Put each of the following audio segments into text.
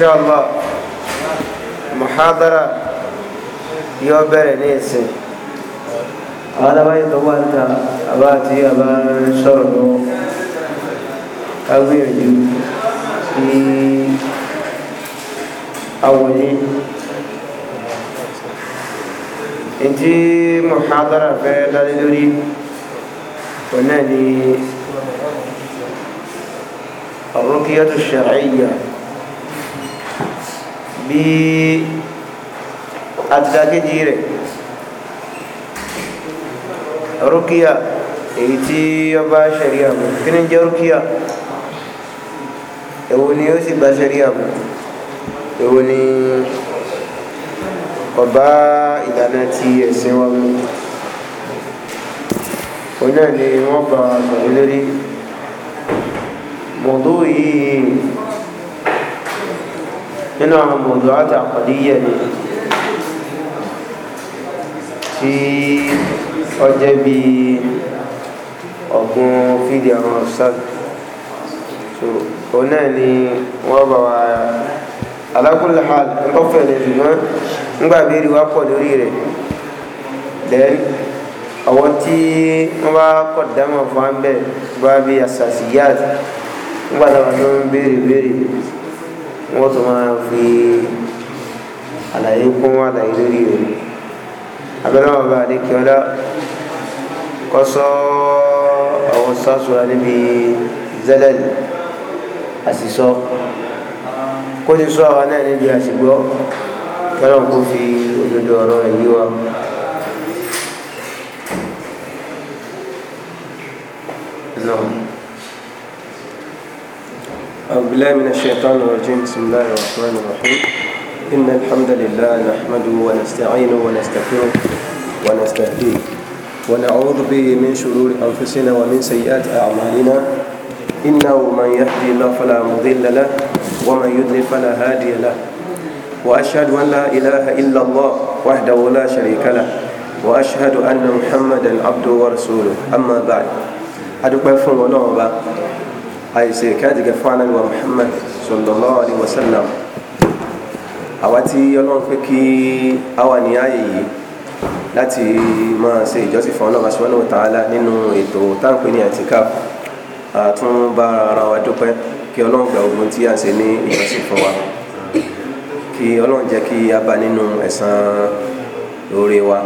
شاء الله محاضرة يوبر نيسي هذا ما يطولت أباتي أبان شرده أويرجو في أولين انت محاضرة في دالدوري قلنا الرقية الشرعية bí àtìdákejì rẹ̀ rúkìá èyí tí ó bá ṣẹ̀ríà mu kí ni jẹ́ rúkìá èwo ni ó sì bá ṣẹ̀ríà mu èwo ni kò bá ìlànà ti ẹ̀sìn wa mu òun náà ni wọ́n bá sọ̀rọ̀ lórí mọ̀dó yìí nínú àwọn mọ̀lúwà àtàkọ̀díyẹ̀ ni tí ọjẹ́ bí ọ̀gbun fídíò àwọn ọ̀sán òun náà ni wọ́n bá wa alákùnlé hàn ńkọ́fẹ̀ lè ṣùgbọ́n ńgbà wá pọ̀ lórí rẹ̀ then àwọn tí wọ́n bá kọ̀ dámọ̀ fún abẹ́ bá bí àṣàṣìyà ńgbà tó ń béèrè béèrè wọ́n tún máa fi àlàyé kún àlàyé lórí rẹ̀ abẹ́rẹ́ wọn bá adékè ọlá kọ́sọ́ àwọn sásùra níbi zẹ́lẹ̀lì àsìsọ kó ti sọ àwọn náà níbi àsìgbọ́ kọ́lọ́n kó fi òdodo ọ̀rọ̀ rẹ̀ yí wa. No. أعوذ بالله من الشيطان الرجيم بسم الله الرحمن الرحيم إن الحمد لله نحمده ونستعينه ونستغفره ونستهديه ونعوذ به من شرور أنفسنا ومن سيئات أعمالنا إنه من يهدي الله فلا مضل له ومن يضلل فلا هادي له وأشهد أن لا إله إلا الله وحده لا شريك له وأشهد أن محمدا عبده ورسوله أما بعد أدوكم فون الله àìsè ìkádìgẹ fún anábì wa Muhammad sallallahu alayhi wa sallam àwa tí ọlọ́run pé kí àwa ní ààyè yìí láti máa ṣe ìjọsìn fún ọlọ́run subhanahu wa ta'ala nínú ètò táǹpé ní àtìkáf àtún bá ara wa dúpẹ́ kí ọlọ́run gba ogun tí a ṣe ní ìjọsìn fún wa kí ọlọ́run jẹ́ kí a bá nínú ẹ̀san oore wa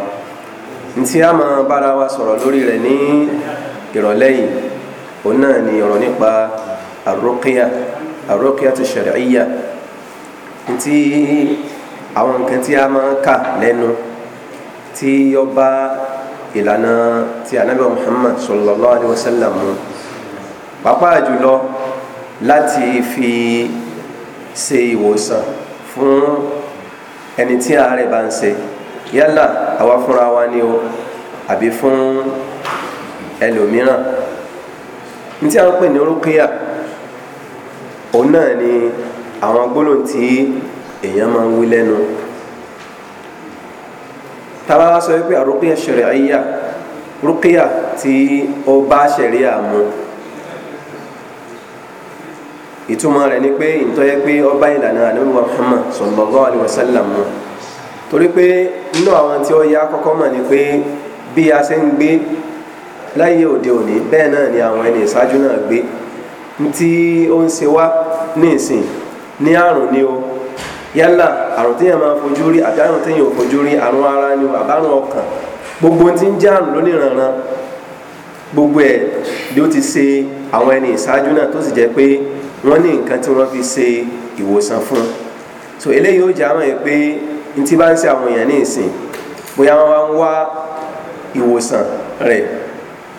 ntí a máa bára wa sọ̀rọ̀ lórí rẹ̀ ní ìrọ̀lẹ́ yìí òun náà ni ọ̀rọ̀ nípa àrọ́kíyà àrọ́kíyà tó ṣàríyà tí àwọn nǹkan tí a máa kà lẹ́nu tí ó bá ìlànà ti anabi Muhammad sallallahu alayhi wa sallam mu pàápàá jùlọ láti fi ṣe ìwòsàn fún ẹni tí àárẹ̀ bá ń ṣe yálà àwa fúnra wa ni o àbí fún ẹlòmíràn ní tí a ń pè ní rúkìá òun náà ni àwọn gbólóhùn tí èèyàn máa ń wí lẹ́nu tábà wá sọ wípé àrùkìá ṣàríà rúkìá tí ó bá ṣàríà mu ìtumọ̀ rẹ̀ ni pé ìtọ́jẹ́ pé ọba ìlànà ànábì Muhammad sallallahu alaihi torí pé nínú àwọn tí ó yá kọ́kọ́ mọ̀ ni pé bí a ṣe ń gbé láyé òde òní bẹ́ẹ̀ náà ni àwọn ẹni ìṣáájú náà gbé tí ó ń ṣe wá ní ní àrùn ni o yálà àrùn téèyàn máa fojú rí àbí àrùn téèyàn ò fojú rí ara ni o àbárùn ọkàn gbogbo tí ń jẹ́ àrùn gbogbo ẹ̀ bí ó ti se àwọn ẹni ìṣáájú náà tó sì jẹ́ pé wọ́n ní nǹkan tí fi se ìwòsàn fún so eléyìí ó jẹ́ àwọn yẹn pé n bá ń àwọn èèyàn ní ìsìn bóyá wọ́n wá ń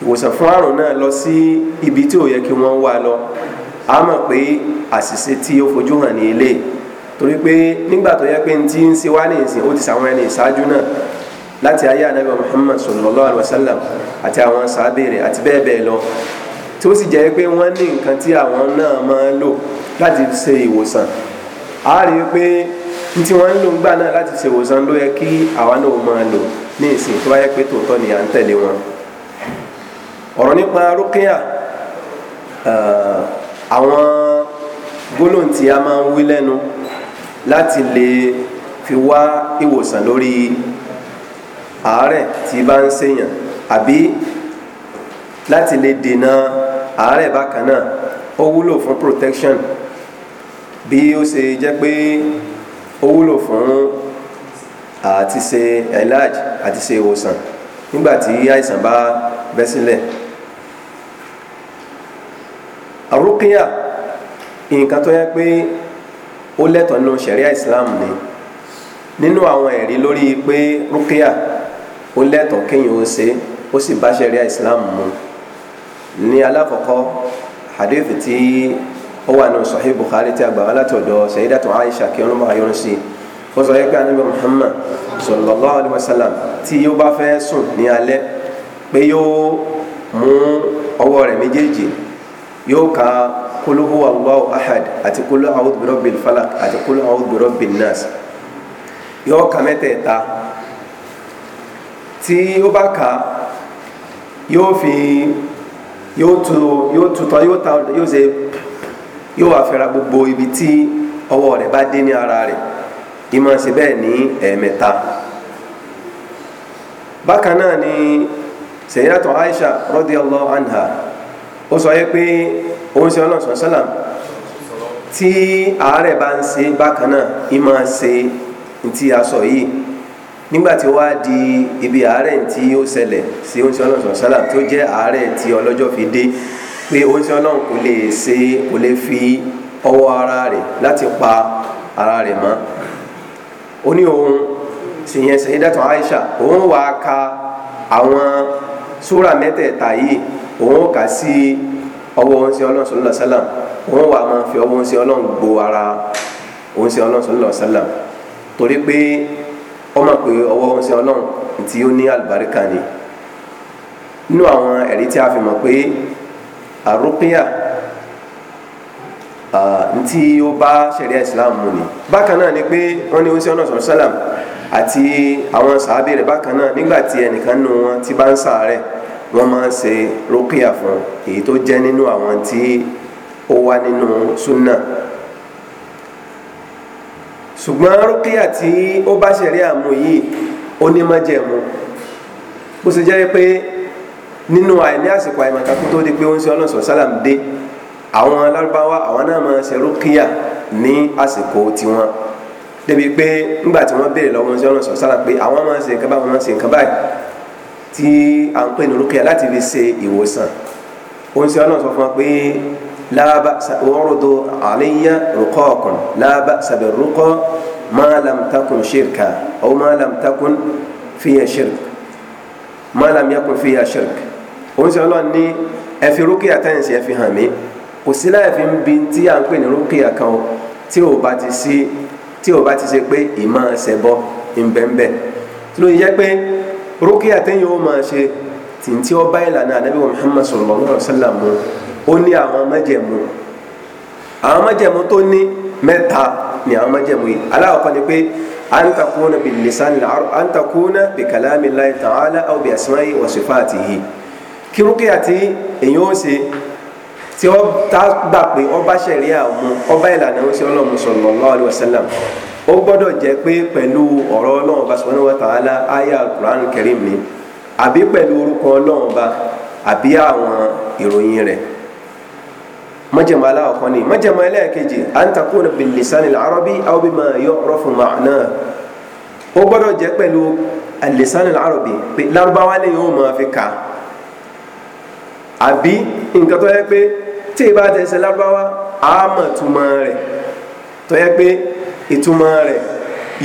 ìwòsàn fún àrùn náà lọ sí ibi tí ò yẹ kí wọ́n wá lọ a mọ̀ pé àṣìṣe tí ó fojú hàn ní ilé torí pé nígbà tó yẹ pé n ti ń ṣe wá ní ìsìn ó ti sàwọn ẹni ìṣáájú náà láti ayé anabi muhammad sallallahu alaihi wa àti àwọn sábẹ́rẹ̀ àti bẹ́ẹ̀ bẹ́ẹ̀ lọ tí ó sì jẹ́ pé wọ́n ní nǹkan tí àwọn náà máa ń lò láti se ìwòsàn a rí pé n tí wọ́n ń lò ń gbà náà láti se ìwòsàn ló yẹ kí àwa náà máa lò ní ìsìn tó bá yẹ pé tòótọ́ ni à ń tẹ̀lé wọn. ọ̀rọ̀ nípa rúkìá àwọn gbólóhùn tí a máa ń wí lẹ́nu láti lè fi wá ìwòsàn lórí àárẹ̀ tí bá ń ṣèyàn àbí láti lè dènà àárẹ̀ bákan náà ó wúlò fún protection bí ó ṣe jẹ́ pé ó wúlò fún àti ṣe ìlàjì àti ṣe ìwòsàn nígbà tí àìsàn bá bẹ́ sílẹ̀ àrùkíyà nǹkan tó yẹ pé ó lẹ́tọ̀ọ́ nínú ṣẹ̀ríà islam ni nínú àwọn ẹ̀rí lórí pé rúkíyà ó lẹ́tọ̀ọ́ kéèyàn ó ṣe ó sì bá ṣẹ̀ríà islam mu ní alákọ̀ọ́kọ́ hadith tí ó wà nínú sahih bukhari tí a gbà láti ọ̀dọ̀ sayyidatu aisha kí ọlọ́mọ ayọ́rùn sí i ó sọ yẹ pé anabi muhammad sallallahu alayhi wa sallam tí yóò bá fẹ́ sùn ní alẹ́ pé yóò mú ọwọ́ rẹ̀ méjèèjì yóò ka kuluhu allahu ahad àti kulu awud birobbil falak àti kulu awud birobbil nas yóò ka mẹ́tẹ̀ẹ̀ta tí yóò bá ka yóò fi yóò tu yóò tutọ́ yóò ta yóò ṣe yóò wá fẹ́ra gbogbo ibi tí ọwọ́ rẹ̀ bá dé ní ara rẹ̀ ìmọ̀ ṣe bẹ́ẹ̀ ní ẹ̀ẹ̀mẹ́ta bákan náà ni sayyidatu Aisha radiyallahu anha ó sọ pé òun ṣe ọlọ́run sọ́sọ́là tí àárẹ̀ bá ń ṣe bákan náà ìmọ̀ ṣe ti aṣọ yìí nígbàtí ó wá di ibi àárẹ̀ tí ó ṣẹlẹ̀ sí oúnjẹ ọlọ́run sọ́sọ́là tó jẹ́ àárẹ̀ tí ọlọ́jọ́ fi dé pé oúnjẹ ọlọ́run kò lè ṣe kò lè fi ọwọ́ ara rẹ̀ láti pa ara rẹ̀ mọ́ ó ní òun ṣèyẹn ṣèyí dẹ́tọ̀ Aisha òun wàá ka àwọn súra mẹ́tẹ̀ẹ̀ta yìí òun kà sí ọwọ́ oúnjẹ ọlọ́run sọlọ́ sálàm òun wà máa fi ọwọ́ oúnjẹ ọlọ́run gbo ara oúnjẹ ọlọ́run sọlọ́ sálàm torí pé ọmọ pé ọwọ́ oúnjẹ ọlọ́run tí ó ní àlùbáríkà ni nínú àwọn ẹ̀rí tí a fi mọ̀ pé àrùkíyà ntí ó bá ṣẹ̀ríà Islam mu ni bákan náà ni pé wọ́n ní oúnjẹ ọlọ́run sálàm àti àwọn sàábì rẹ̀ bákan náà nígbà tí ẹnìkan nù wọn ti bá ń sàárẹ̀ wọ́n máa ń ṣe rúkìá fún èyí tó jẹ́ nínú àwọn tí ó wá nínú súnà ṣùgbọ́n rúkìá tí ó bá ṣẹ̀rí àmú yìí ó ní májẹ̀mú bó ṣe jẹ́ pé nínú àìní àsìkò àìmọ̀kakú tó di pé ó ń ṣe ọlọ́sọ̀ sálàm dé àwọn alárúbáwá àwọn náà máa ṣe rúkìá ní àsìkò tiwọn débi pé ńgbà tí wọ́n béèrè lọ́wọ́ ń ṣe ọlọ́sọ̀ sálàm pé àwọn máa ń ṣe nǹkan báyìí wọ́n máa ń ṣe nǹkan báyìí tí à ń pè ní rúkìá láti fi ṣe ìwòsàn òun ṣe ọlọ́run sọ fún wa pé lába wọ́rọ̀dọ̀ àléyá rúkọ́ ọkàn lába sàbẹ̀ rúkọ́ máa lam takùn ṣírkà ọ̀ máa lam takùn fìyà ṣírk máa lam yakùn fìyà ṣírk òun ṣe ọlọ́run ní ẹ fi rúkìá táyẹ̀nsì ẹ fi hàn mí kò sí láì fi ń bi tí à ń pè ní rúkìá kan tí ò bá ti sí tí ò bá ti ṣe pé ìmọ̀ rúkìá tẹ́yìn ó máa ṣe tìǹtì ọba ìlànà ànábì wa muhammad sallallahu alayhi wa sallam ó ní àwọn májẹ̀mú àwọn májẹ̀mú tó ní mẹ́ta ni àwọn májẹ̀mú yìí aláwọ̀kọ́ ni pé an takuna bi lisani al-arab bi kalami lahi ta'ala aw bi asma'i wa sifatihi kí rúkìá tí èyí ó ṣe tí ó gbà pé ọba ṣẹ̀ríà mu ọba ìlànà ó ṣe ọlọ́run sallallahu alayhi wa sallam ó gbọ́dọ̀ jẹ́ pé pẹ̀lú ọ̀rọ̀ ọlọ́run ọba subhanahu wa ta'ala aya quran karim ni àbí pẹ̀lú orúkọ ọlọ́run ọba àbí àwọn ìròyìn rẹ̀ májẹ̀mú aláwọ̀kan ni májẹ̀mú ẹlẹ́ẹ̀kejì an takuna bil lisanil arabi aw bima yu'rafu ma'na ó gbọ́dọ̀ jẹ́ pẹ̀lú lisanil arabi pé lárúbáwá lẹ́yìn ó máa fi kà àbí nǹkan tó yẹ pé tí ì bá tẹ̀sẹ̀ lárúbáwá àmọ̀túmọ̀ rẹ̀ tó yẹ pé ìtumọ̀ rẹ̀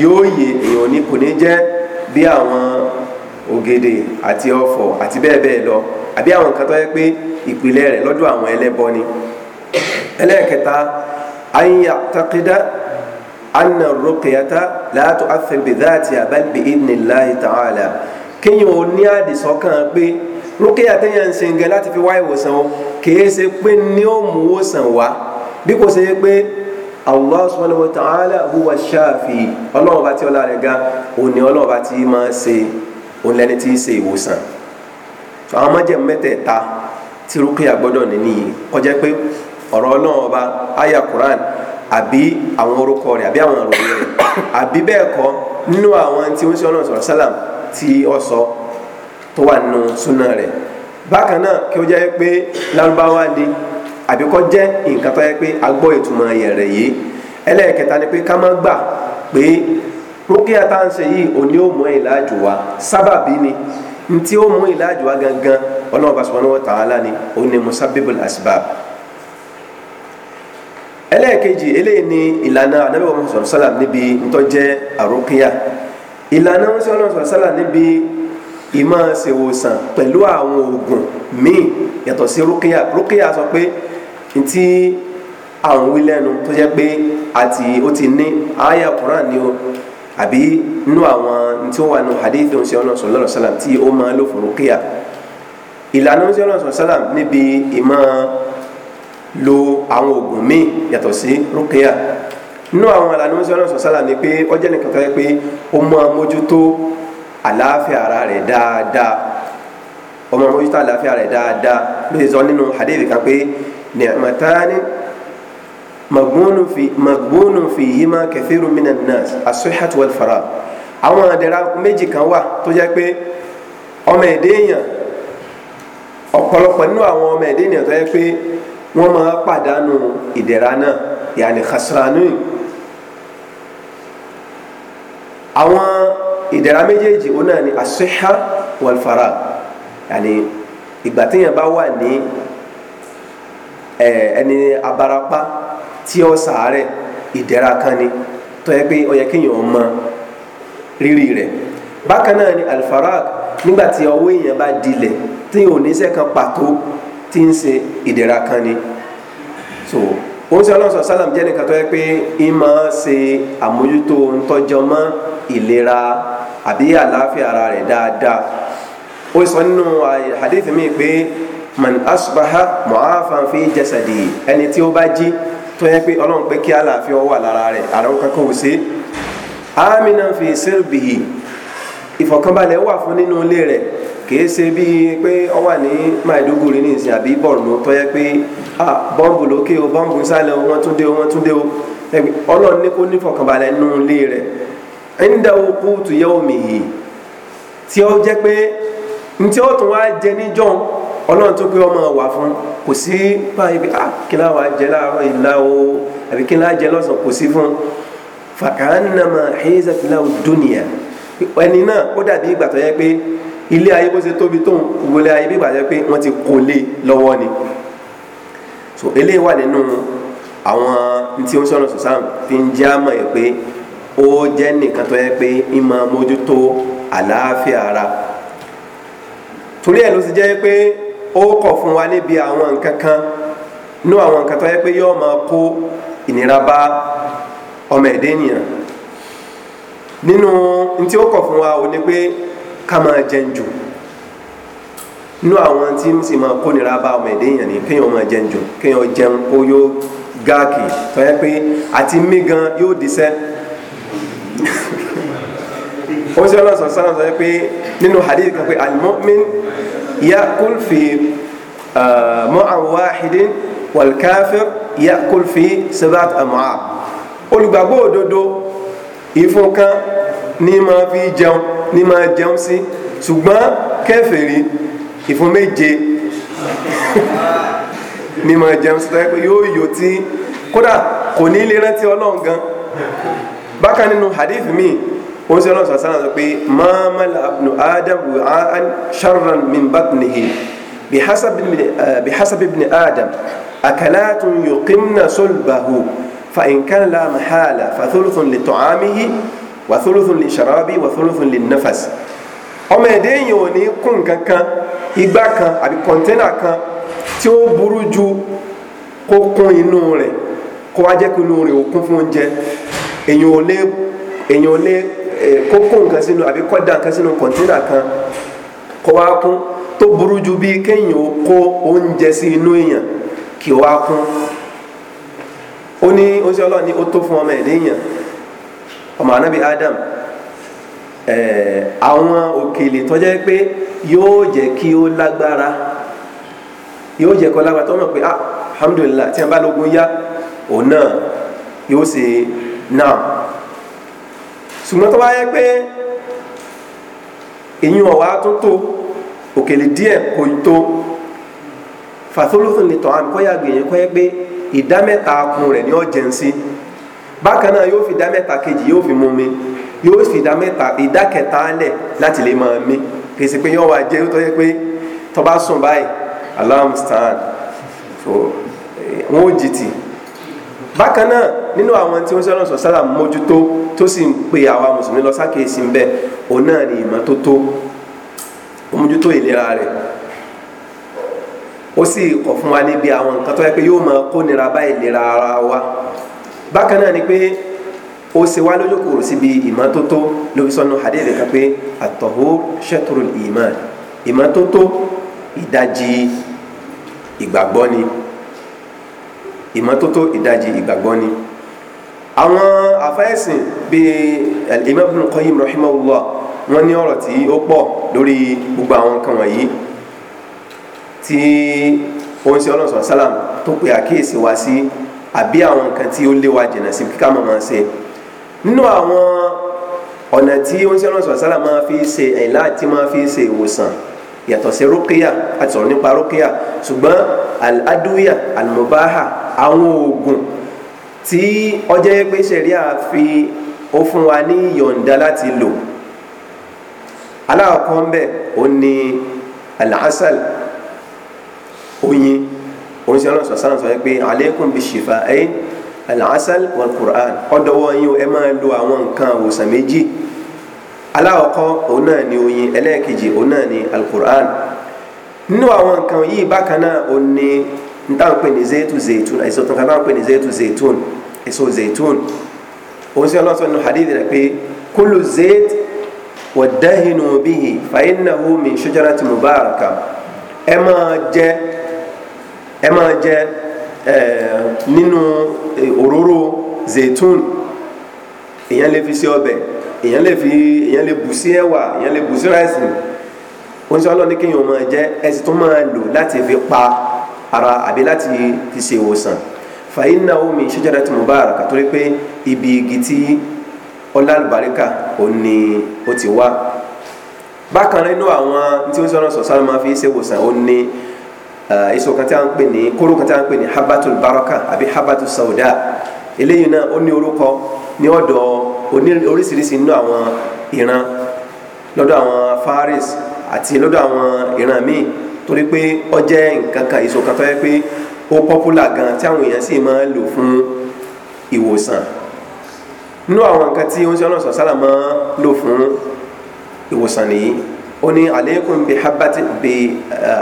yóò yè èèyàn ní kò ní jẹ́ bí àwọn ògèdè àti ọ̀fọ̀ àti bẹ́ẹ̀ bẹ́ẹ̀ lọ àbí àwọn nǹkan tó yẹ pé ìpìlẹ̀ rẹ̀ lọ́dọ̀ àwọn ẹlẹ́bọ ni ẹlẹ́ẹ̀kẹta ayíyá takida anna rukiyata láàtú afẹ́bẹ̀dá àti àbálbi idnillahi ta'ala kéèyàn ò ní àdìsọ́kàn pé rúkìá téèyàn ń sìn láti fi wá ìwòsàn o kìí ṣe pé ní ó mú wòsàn wá bí kò ṣe pé allah subhanahu wa ta'ala huwa shafi ọlọ́run bá ti ọlá rẹ̀ ga òní ọlọ́run bá ti máa ṣe òun lẹ́ni tí í ṣe ìwòsàn àwọn májèm mẹ́tẹ̀ẹ̀ta tí rúkìá gbọ́dọ̀ ní nìyí kọjá pé ọ̀rọ̀ ọlọ́run ọba aya quran àbí àwọn orúkọ rẹ̀ àbí àwọn ìròyìn rẹ̀ àbí bẹ́ẹ̀ kọ́ nínú àwọn tí ó ṣe ọlọ́run sọ̀rọ̀ sálàm tí ó sọ tó wà nínú súnà rẹ̀ bákan náà kí ó jẹ́ pé lárúbáwá ni àbí kọ́ jẹ́ nǹkan tó yẹ pé a gbọ́ ìtumọ̀ yẹ̀rẹ̀ yìí ẹlẹ́ẹ̀kẹta ni pé ká má gbà pé rúkìá tá à ń ṣe yìí òní ó mú ìlàjù wa sábàbí ni ntí ó mú ìlàjù wa gangan ọlọ́run bá subhanahu wa ta'ala ni ó ní musabbibul asbab ẹlẹ́ẹ̀kejì eléyìí ni ìlànà Ànábì Muhammad sallam níbi ntọ́jẹ́ àrùkìá ìlànà wọn sọ ọlọ́run sallam níbi ìmọ̀ ṣèwòsàn pẹ̀lú àwọn oògùn míì yàtọ̀ sí rúkìá rúkìá sọ pé ntí àwọn wí lẹ́nu tó jẹ́ pé àti ó ti ní àyà Quran ni o àbí nínú àwọn tí ó wà nù hadith ṣe ọ̀nà sọ̀rọ̀ lọ́rọ̀ sálàm tí ó máa lò fún rúkìá ìlànà ṣe ọ̀nà sọ̀rọ̀ sálàm níbi ìmọ̀ lo àwọn oògùn míì yàtọ̀ sí rúkìá nínú àwọn ìlànà ṣe ọ̀nà sọ̀rọ̀ sálàm ni pé ó jẹ́ nìkan tó yẹ pé ó máa mójútó àlàáfíà ara rẹ̀ dáadáa ó máa mójútó àlàáfíà rẹ̀ dáadáa ló sọ nínú hadith kan pé نعمتان magbónú في magbónú فيهما كثير من الناس الصحة nas as-sihhat wal faragh àwọn àdẹ̀rà méjì kan wà tó jẹ́ pé ọmọ ẹ̀dẹ́ èèyàn ọ̀pọ̀lọpọ̀ nínú àwọn ọmọ ẹ̀dẹ́ èèyàn tó yẹ pé wọ́n máa pàdánù ìdẹ̀ra náà yàní khasranu àwọn ìdẹ̀ra méjèèjì ó náà ní as-sihha yàní ìgbà téèyàn bá wà ní ẹni abarapá tí ó sàárẹ̀ ìdẹ̀ra kan ni tó yẹ pé ó yẹ kéèyàn mọ rírì rẹ̀ bákan náà ni alfarag nígbà tí ọwọ́ èèyàn bá dilẹ̀ tí ò ní iṣẹ́ kan pàtó tí ń ṣe ìdẹ̀ra kan ni so òun ṣe ọlọ́run sọ sálàm jẹ́ nìkan tó yẹ pé ìmọ̀ ṣe àmójútó ntọ́jọ́ mọ́ ìlera àbí àlàáfíà ara rẹ̀ dáadáa ó sọ nínú hadith mi pé man asbaha mu'afan fi jasadi ẹni tí ó bá jí tó yẹ pé ọlọ́run pé kí àlàáfíà wà lára rẹ̀ àrùn kankan ò sí aminan fi sirbihi ìfọ̀kànbalẹ̀ wà fún nínú ilé rẹ̀ kìí ṣe bíi pé Maiduguri ní ìsìn àbí Borno tó yẹ pé ah bọ́ǹbù lókè o bọ́ǹbù sálẹ̀ o wọ́n tún dé o wọ́n tún o ọlọ́run ní kó nífọ̀kànbalẹ̀ nínú ilé rẹ̀ tí ó jẹ́ ọlọ́run tó pé ọmọ wà fún kò sí báyìí pé ah kí náà wàá jẹ láàárọ̀ ìlà o àbí kí náà jẹ lọ́sàn kò sí fún fàkànnàmà hezatilawo dúnìyà ẹni náà ó dàbí ìgbà tó yẹ pé ilé ayé bó ṣe tóbi tó ìwọlé ayé bí ìgbà tó yẹ pé wọ́n ti kó lé lọ́wọ́ ni so eléyìí wà nínú àwọn tí ó ń sọ̀rọ̀ sọ̀sán fi ń jẹ́ àmọ̀ yẹ pé ó jẹ́ nìkan tó yẹ pé ń máa mójútó àlàáfíà ara torí ẹ̀ ló ti jẹ́ pé ó kọ̀ fún wa níbi àwọn nǹkan kan nú àwọn nǹkan tó yẹ pé yóò máa kó ìnira bá ọmọ ẹ̀dẹ́ ènìyàn nínú ntí ó kọ̀ fún wa ò ní pé ká máa jẹun jù nú àwọn tí ń sì máa kó ìnira bá ọmọ ẹ̀dẹ́ ènìyàn ni kéèyàn máa jẹun jù kéèyàn jẹun kó yóò gáàkì tó yẹ pé àti mí gan yóò díṣẹ́ ó sì ọlọ́sọ̀ọ́sọ́ náà sọ pé nínú hadith kan pé al mi. يأكل في مع واحد والكافر يأكل في سبعة أمعاء olùgbàgbọ́ òdodo ìfun kan ní máa fi jẹun ní máa jẹun sí ṣùgbọ́n kèfèrí ìfun méje ní máa jẹun sí tọ́jú pé yóò yọ tí kódà kò ní lè rántí ọlọ́run bákan nínú hadith míì ó sì ọlọ́run sàṣà náà sọ pé mamal abnu adam ru'an sharran min batnihi bihasab ibn eh, adam akalatun yuqimna sulbahu fa in kana la mahala fa thuluthun li ta'amihi wa thuluthun li sharabi wa thuluthun li nafas ọmọ ẹ̀dẹ́ yìí ò ní kún kankan igbá kan àbí kọ̀ńténà kan tí ó burú ju kó kún inú rẹ̀ kó wá jẹ́ kó inú rẹ̀ ó kún fún oúnjẹ èèyàn ò lè èèyàn ò lè Eh, kókó nǹkan sínú àbí kọ́dà nǹkan sínú kọ̀ńténà kan kó wá kún tó burú ju bí kéèyàn ó kó oúnjẹ sí inú èèyàn kí ó wá kún ó ní oṣù ọlọ́run ní ó tó fún ọmọ ẹ̀dẹ́yàn ọmọ anábì Adam eh, àwọn òkèlè tó jẹ́ pé yóò jẹ́ kí ó lágbára yóò jẹ́ kó lágbára tó mọ̀ pé ah alhamdulilah tí a bá lógun yá òun náà yóò ṣe náà ṣùgbọ́n tó bá yẹ pé èyí ọ̀wá tó tó òkèlè díẹ̀ kò tó fàtólófin nìtọ̀ àmì kọ́yà gbìyànjú kọ́ yẹ pé ìdá mẹ́ta kun rẹ̀ ní ọ̀jẹ̀ ń sí bákan náà yóò fi ìdá mẹ́ta kejì yóò fi mú mi yóò fi ìdá mẹ́ta ìdá kẹta lẹ̀ láti lè máa mi kì í ṣe pé yóò wá jẹ́ tó yẹ pé tó bá sùn báyìí alarm stand so eh, wọ́n ó jìtì bákan náà nínú àwọn tí wọ́n sọ̀rọ̀ sọ sálà mójútó tó sì ń pe àwa mùsùlùmí lọ sákèésí bẹ́ẹ̀ òun náà ni ìmọ́tótó mójútó ìlera rẹ̀ ó sì kọ̀ fún wa níbi àwọn nǹkan tó yẹ pé yóò máa kó nira bá ìlera ara wa bákan náà ni pé ó ṣe wá lójú kòrò síbi ìmọ́tótó lórí sọ́nù hadith kan pé at-tahur shatrul ìmọ́tótó ìdajì ìgbàgbọ́ ni ìmọ́tótó ìdajì ìgbàgbọ́ ni àwọn àfẹ́sìn bíi Imam Ibn Qayyim rahimahullah wọ́n ní ọ̀rọ̀ tí ó pọ̀ lórí gbogbo àwọn nǹkan wọ̀nyí tí oúnjẹ ọlọ́sàn sálàm tó pe àkíyèsí wa sí àbí àwọn nǹkan tí ó léwa jìnnà sí kíkà mọ̀ máa ṣe nínú àwọn ọ̀nà tí oúnjẹ ọlọ́sàn sálàm máa fi ṣe ẹ̀yìnlá àti máa fi ṣe ìwòsàn yàtọ̀ sí rókíyà àti sọ̀rọ̀ nípa rókíyà ṣùgbọ́n al-adwiya àwọn oògùn tí ọjọ́ yẹ pé sẹ̀ríà fi ó fún wa ní yọ̀ǹda láti lò aláàkọ́ ń bẹ̀ ó ní al-asal oyin oníṣẹ́ ọlọ́sọ̀ sáǹsọ̀ yẹ pé alaykum bish-shifaa'i al-asal wal-Qur'an ọ̀dọ́wọ́ yín ẹ máa lo àwọn nǹkan àwòsàn méjì aláàkọ́ òun náà ni oyin ẹlẹ́ẹ̀kejì òun náà ni al nínú àwọn nǹkan yìí bákan náà ó ní n táwọn pè ní zeytu zeytun èso tó ń kàtà pè ní zeytu zeytun èso zeytun òun sì ọlọ́sọ nínú hadith rẹ̀ pé kúlù zeyt wọ̀dẹ́hìnú bíhì fàyínàwó min shajarati mubaraka ẹ máa jẹ ẹ máa jẹ nínú òróró zeytun èèyàn lè fi ṣe ọbẹ̀ èèyàn lè fi èèyàn lè bù sí ẹ̀wà èèyàn lè bù sí ráìsì òun sì ọlọ́ni kéèyàn máa jẹ ẹ sì láti fi pa ara àbí láti fi ṣe ìwòsàn fàyínà omi ṣẹjọra ti mubarak torí pé ibi igi tí ọlá àlùbáríkà ò ní ó ti wá bákan nínú àwọn tí ó sọ̀rọ̀ sọ̀sánù máa fi ṣe ìwòsàn ó ní èso kan tí a ń pè ní kóró kan tí a ń pè ní habatul baraka àbí habatul sauda eléyìí náà ó ní orúkọ ní ọ̀dọ̀ oríṣiríṣi nínú àwọn ìran lọ́dọ̀ àwọn faris àti lọ́dọ̀ àwọn ìran míì torí pé ó jẹ́ nǹkan kan èso kan tó yẹ pé ó pọ́pùlà gan tí àwọn èèyàn sì máa ń lò fún ìwòsàn nínú àwọn nǹkan tí oúnjẹ náà sọ sálà máa ń lò fún ìwòsàn nìyí ó ní aleikum bi habati bi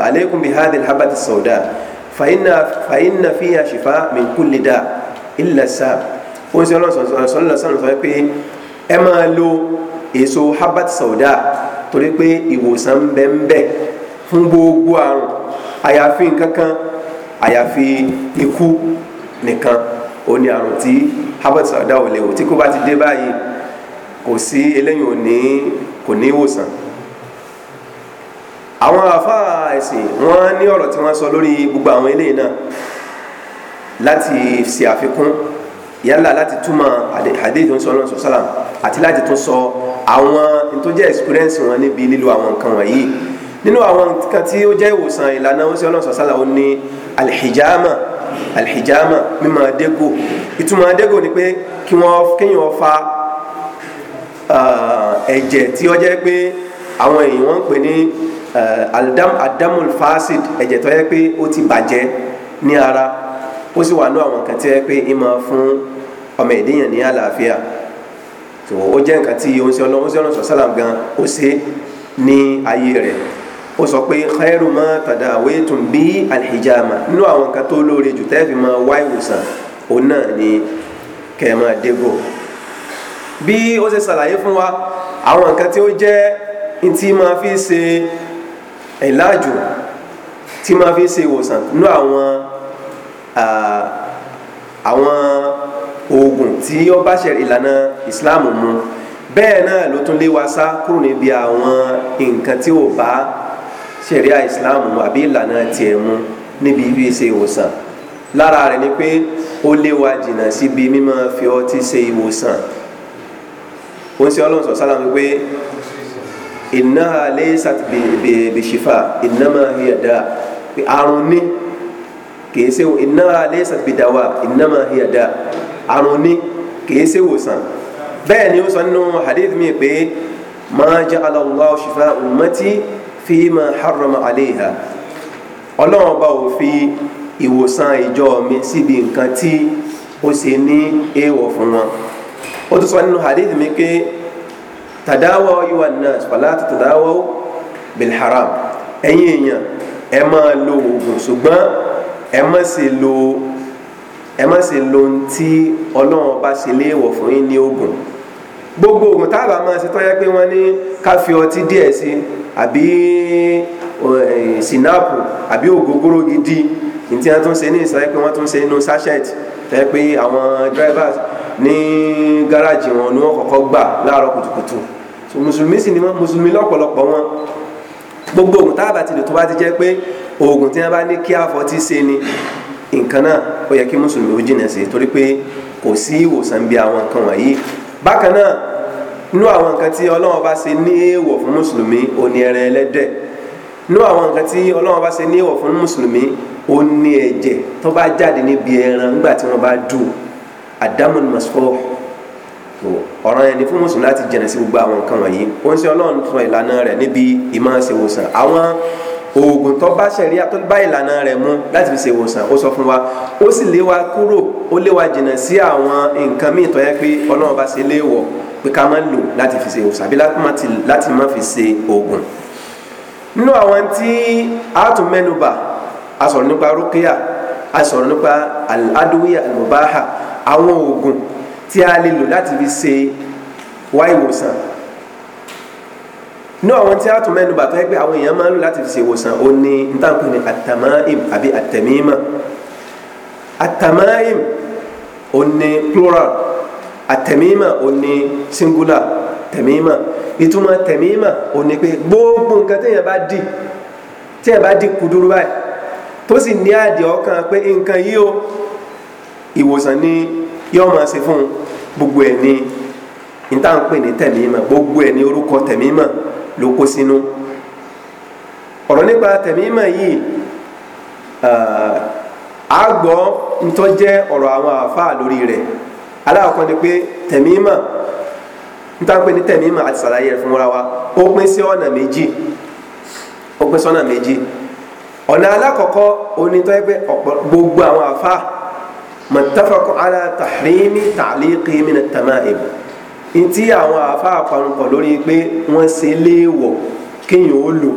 aleikum bi hadil habati sauda fàyínà fàyínà fíyà shifa min kulli da illa sáà oúnjẹ náà sọ sọlọ sọlọ sọ pé ẹ máa lo èso habati sauda torí pé ìwòsàn ń bẹ ń bẹ fún gbogbo àrùn àyàfi nǹkan kan àyàfi ikú nìkan ó ní àrùn tí Herbert Sadow ò lè wò tí kò bá ti dé báyìí kò sí eléyìí ò ní kò ní ìwòsàn àwọn àfáà ẹ̀sìn wọ́n ní ọ̀rọ̀ tí wọ́n sọ lórí gbogbo àwọn eléyìí náà láti ṣe àfikún yálà láti túmọ̀ hadith tó ń sọ lọ́nà sọ́sálàm àti láti tún sọ àwọn tó jẹ́ experience wọn níbi lílo àwọn nǹkan wọ̀nyí nínú àwọn nǹkan tí ó jẹ́ ìwòsàn ìlànà ó sì ọlọ́run sọ̀sálà ó ní alhijama alhijama mímọ adégò ìtumọ̀ adégò ni pé kí wọ́n kéèyàn fa uh, ẹ̀jẹ̀ tí ó jẹ́ pé àwọn èèyàn wọ́n ń pè ní uh, adamul fasid ẹ̀jẹ̀ tó yẹ pé ó ti bàjẹ́ ní ara ó sì wà ní àwọn nǹkan tí ó yẹ pé ìmọ̀ fún ọmọ ìdíyàn ní àlàáfíà tó ó jẹ́ nǹkan tí oúnjẹ ọlọ́run sọ̀sálà gan ó ṣe ní ayé rẹ̀ ó sọ pé khairu ma tadawaytum bí alhijama nínú àwọn nǹkan tó lóore jù tẹ́ẹ̀fì máa wá ìwòsàn òun náà ni kẹ́ ẹ máa dégò bí ó ṣe ṣàlàyé fún wa àwọn nǹkan tí ó jẹ́ ntí máa fi ṣe ìlàjù tí máa fi ṣe ìwòsàn nínú àwọn àwọn oògùn tí ó bá ṣe ìlànà Islam mu bẹ́ẹ̀ náà ló tún lé wa sá kúrò níbi àwọn nǹkan tí ò bá sẹ̀ríà islam àbí ìlànà tiẹ̀ mu níbi ibi ṣe ìwòsàn lára rẹ̀ ni pé ó léwa jìnnà síbi mímọ́ fi ọtí ṣe ìwòsàn ó ń ṣe ọlọ́run sọ sálàmù pé iná laysat bìṣìfà iná máa hiya dá àrùn ní kìí ṣe iná laysat bìdáwà iná máa hiya dá àrùn ní kìí ṣe ìwòsàn bẹ́ẹ̀ ni ó sọ nínú hadith mi pé ma ja'ala Allahu shifa ummati fíìmà harama aleha ọlọ́run ọba ò fi ìwòsàn ìjọ mi síbi nǹkan tí ó ṣe ní èèwọ̀ fún wọn ó tún sọ nínú hadith mi pé tàdáwọ̀ yíwa náà pàlátà tàdáwọ̀ bilharam ẹ̀yin èèyàn ẹ máa lo oògùn ṣùgbọ́n ẹ má sì lo ẹ má sì lo ohun tí ọlọ́run ọba ṣe léèwọ̀ fún yín ní oògùn. gbogbo oògùn táàbà máa ṣe tọ́jẹ́ pé wọn ní ká fi ọtí díẹ̀ sí àbí eh, sinapu àbí ògógóró gidi ntí wọ́n tún ṣe ní ìsọyẹ pé wọ́n tún ṣe inú sachet tẹ pé àwọn drivers ní gáràjì wọn ni wọn kọkọ gbà láàárọ̀ kùtùkùtù mùsùlùmí sì ni wọ́n mùsùlùmí lọ́pọ̀lọpọ̀ wọn gbogbo oògùn táàbà ti lè tó bá ti jẹ́ pé oògùn tí wọ́n bá ní kí àfọtí ṣe ni nǹkan náà ó yẹ kí mùsùlùmí ó jìnà sí torí pé kò sí ìwòsàn bí àwọn nǹkan wọ̀nyí bákan náà nú àwọn nǹkan tí ọlọ́run bá ṣe ní èèwọ̀ fún mùsùlùmí òní ẹran ẹlẹ́dẹ̀ nú àwọn nǹkan tí ọlọ́run bá ṣe ní èèwọ̀ fún mùsùlùmí òní ẹ̀jẹ̀ tó bá jáde níbi ẹran nígbà tí wọ́n bá dù àdámù ni mọ̀sífọ́ ọ̀ràn ẹni fún mùsùlùmí láti jẹ̀nà sí gbogbo àwọn nǹkan wọ̀nyí ó ń ṣe ọlọ́run sọ ìlànà rẹ̀ níbi ìmọ̀ ṣèwòsàn àwọn oògùn tó bá ṣẹ̀ríà tó bá ìlànà rẹ̀ mu láti fi ṣèwòsàn ó sọ fún wa ó sì lé kúrò ó lé wa sí àwọn nǹkan míì tó yẹ pé ọlọ́run bá ṣe léèwọ̀ pé ká má lò láti fi ṣe òòsàn àbí láti má fi ṣe oògùn nínú àwọn tí a tún mẹ́nubà a sọ̀rọ̀ nípa rúkìá a sọ̀rọ̀ nípa adúwìyà àlùbáhà àwọn oògùn tí a lè lò láti fi ṣe wá ìwòsàn nínú àwọn tí a tún mẹ́nubà tó yẹ pé àwọn èèyàn máa ń lò láti fi ṣe ìwòsàn ó ní ntàkùn ní àtàmáìm àbí àtẹ̀mímà àtàmáìm ó ní plural àtẹ̀mímà o ní singular tẹ̀mímà ìtumọ̀ tẹ̀mímà o ní pé gbogbo nǹkan téèyàn bá di téèyàn bá dì kúdúrú báyìí tó sì ní àdì ọkàn pé nǹkan yìí o ìwòsàn ni yóò máa ṣe fún gbogbo ẹ̀ ní níta ń ní gbogbo ẹ̀ ní orúkọ tẹ̀mímà ló kó sínú ọ̀rọ̀ nípa tẹ̀mímà yìí àgbọ̀ ntọ́jẹ́ ọ̀rọ̀ àwọn àáfàá lórí rẹ̀ aláwọ̀kan ni pé tẹ̀mímà n tá n pè ní tẹ̀mímà àti sàlàyé rẹ̀ fún wa ó pín sí ọ̀nà méjì ó pín sí ọ̀nà méjì ọ̀nà alákọ̀ọ́kọ́ onítọ́ ẹgbẹ́ gbogbo àwọn àfa mọ̀tàfàkọ́ ala tahrimi ta'liqi min at-tama'im ntí àwọn àfa àpanupọ̀ lórí pé wọ́n ṣe léèwọ̀ kéèyàn ó lò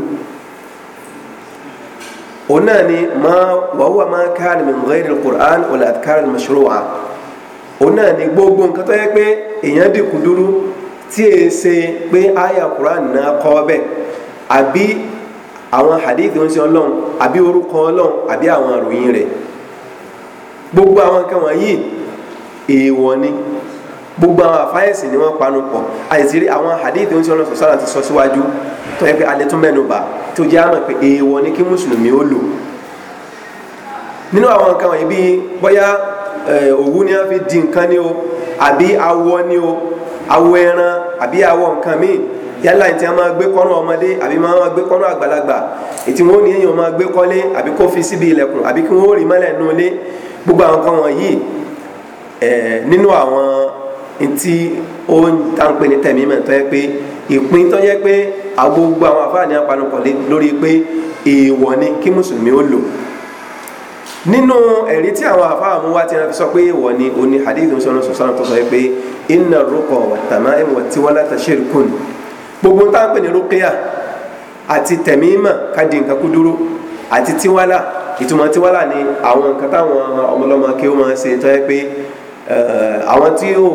òun náà ni ma wa huwa ma kana min òun náà ni gbogbo nǹkan tó yẹ pé èèyàn dìkú dúró tí èè ṣe pé àyà Qur'an náà kọ́ ọ bẹ́ẹ̀ àbí àwọn hadith ń ṣe ọlọ́run àbí orúkọ ọlọ́run àbí àwọn ìròyìn rẹ̀ gbogbo àwọn nǹkan wọ̀nyí èèwọ̀ ni gbogbo àwọn àfáyẹ̀sì ni wọ́n panu pọ̀ àìsírí àwọn hadith ń ṣe ọlọ́run sọ̀sọ́ra ti sọ síwájú tó yẹ pé alẹ́ tún mẹ́nu bà tó jẹ́ àmọ̀ pé èèwọ̀ ni kí mùsùlùmí ó lò nínú àwọn nǹkan wọ̀nyí bíi bóyá Eh, òwú ni wọ́n fi di nǹkan ni o àbí awọ ni o awọ ẹran àbí awọ nǹkan míì yálà ìtì a máa gbé kọ́rùn ọmọdé àbí máa máa gbé kọ́rùn àgbàlagbà ètí wọn ò ní èèyàn máa gbé kọ́lé àbí kó fi síbi ilẹ̀kùn àbí kí wọn ò rí mọ́lẹ̀ nù ilé gbogbo àwọn kan wọ̀nyí eh, nínú àwọn ntí ó ń tánpé ní tẹ̀mí mọ̀ tó yẹ pé ìpín tó yẹ pé gbogbo àwọn àfáàní apanupọ̀ lórí pé èèwọ̀ ni kí mùsùlùmí ó lò nínú ẹ̀rí tí àwọn àfáà mú wá tí wọ́n fi sọ pé wọ́n ni oní hadith sọ́nà sọ́nà tó sọ pé inna rúkọ̀ tàmá ẹ̀wọ̀n tí wọ́n láta ṣe kùn gbogbo táwọn pè ní rúkìá àti tẹ̀mímà kádi nǹkan kú dúró àti tiwálà ìtumọ̀ tiwálà ni àwọn nǹkan táwọn ọmọlọ́mọ kí ó máa ṣe tó yẹ pé eh, àwọn tí ò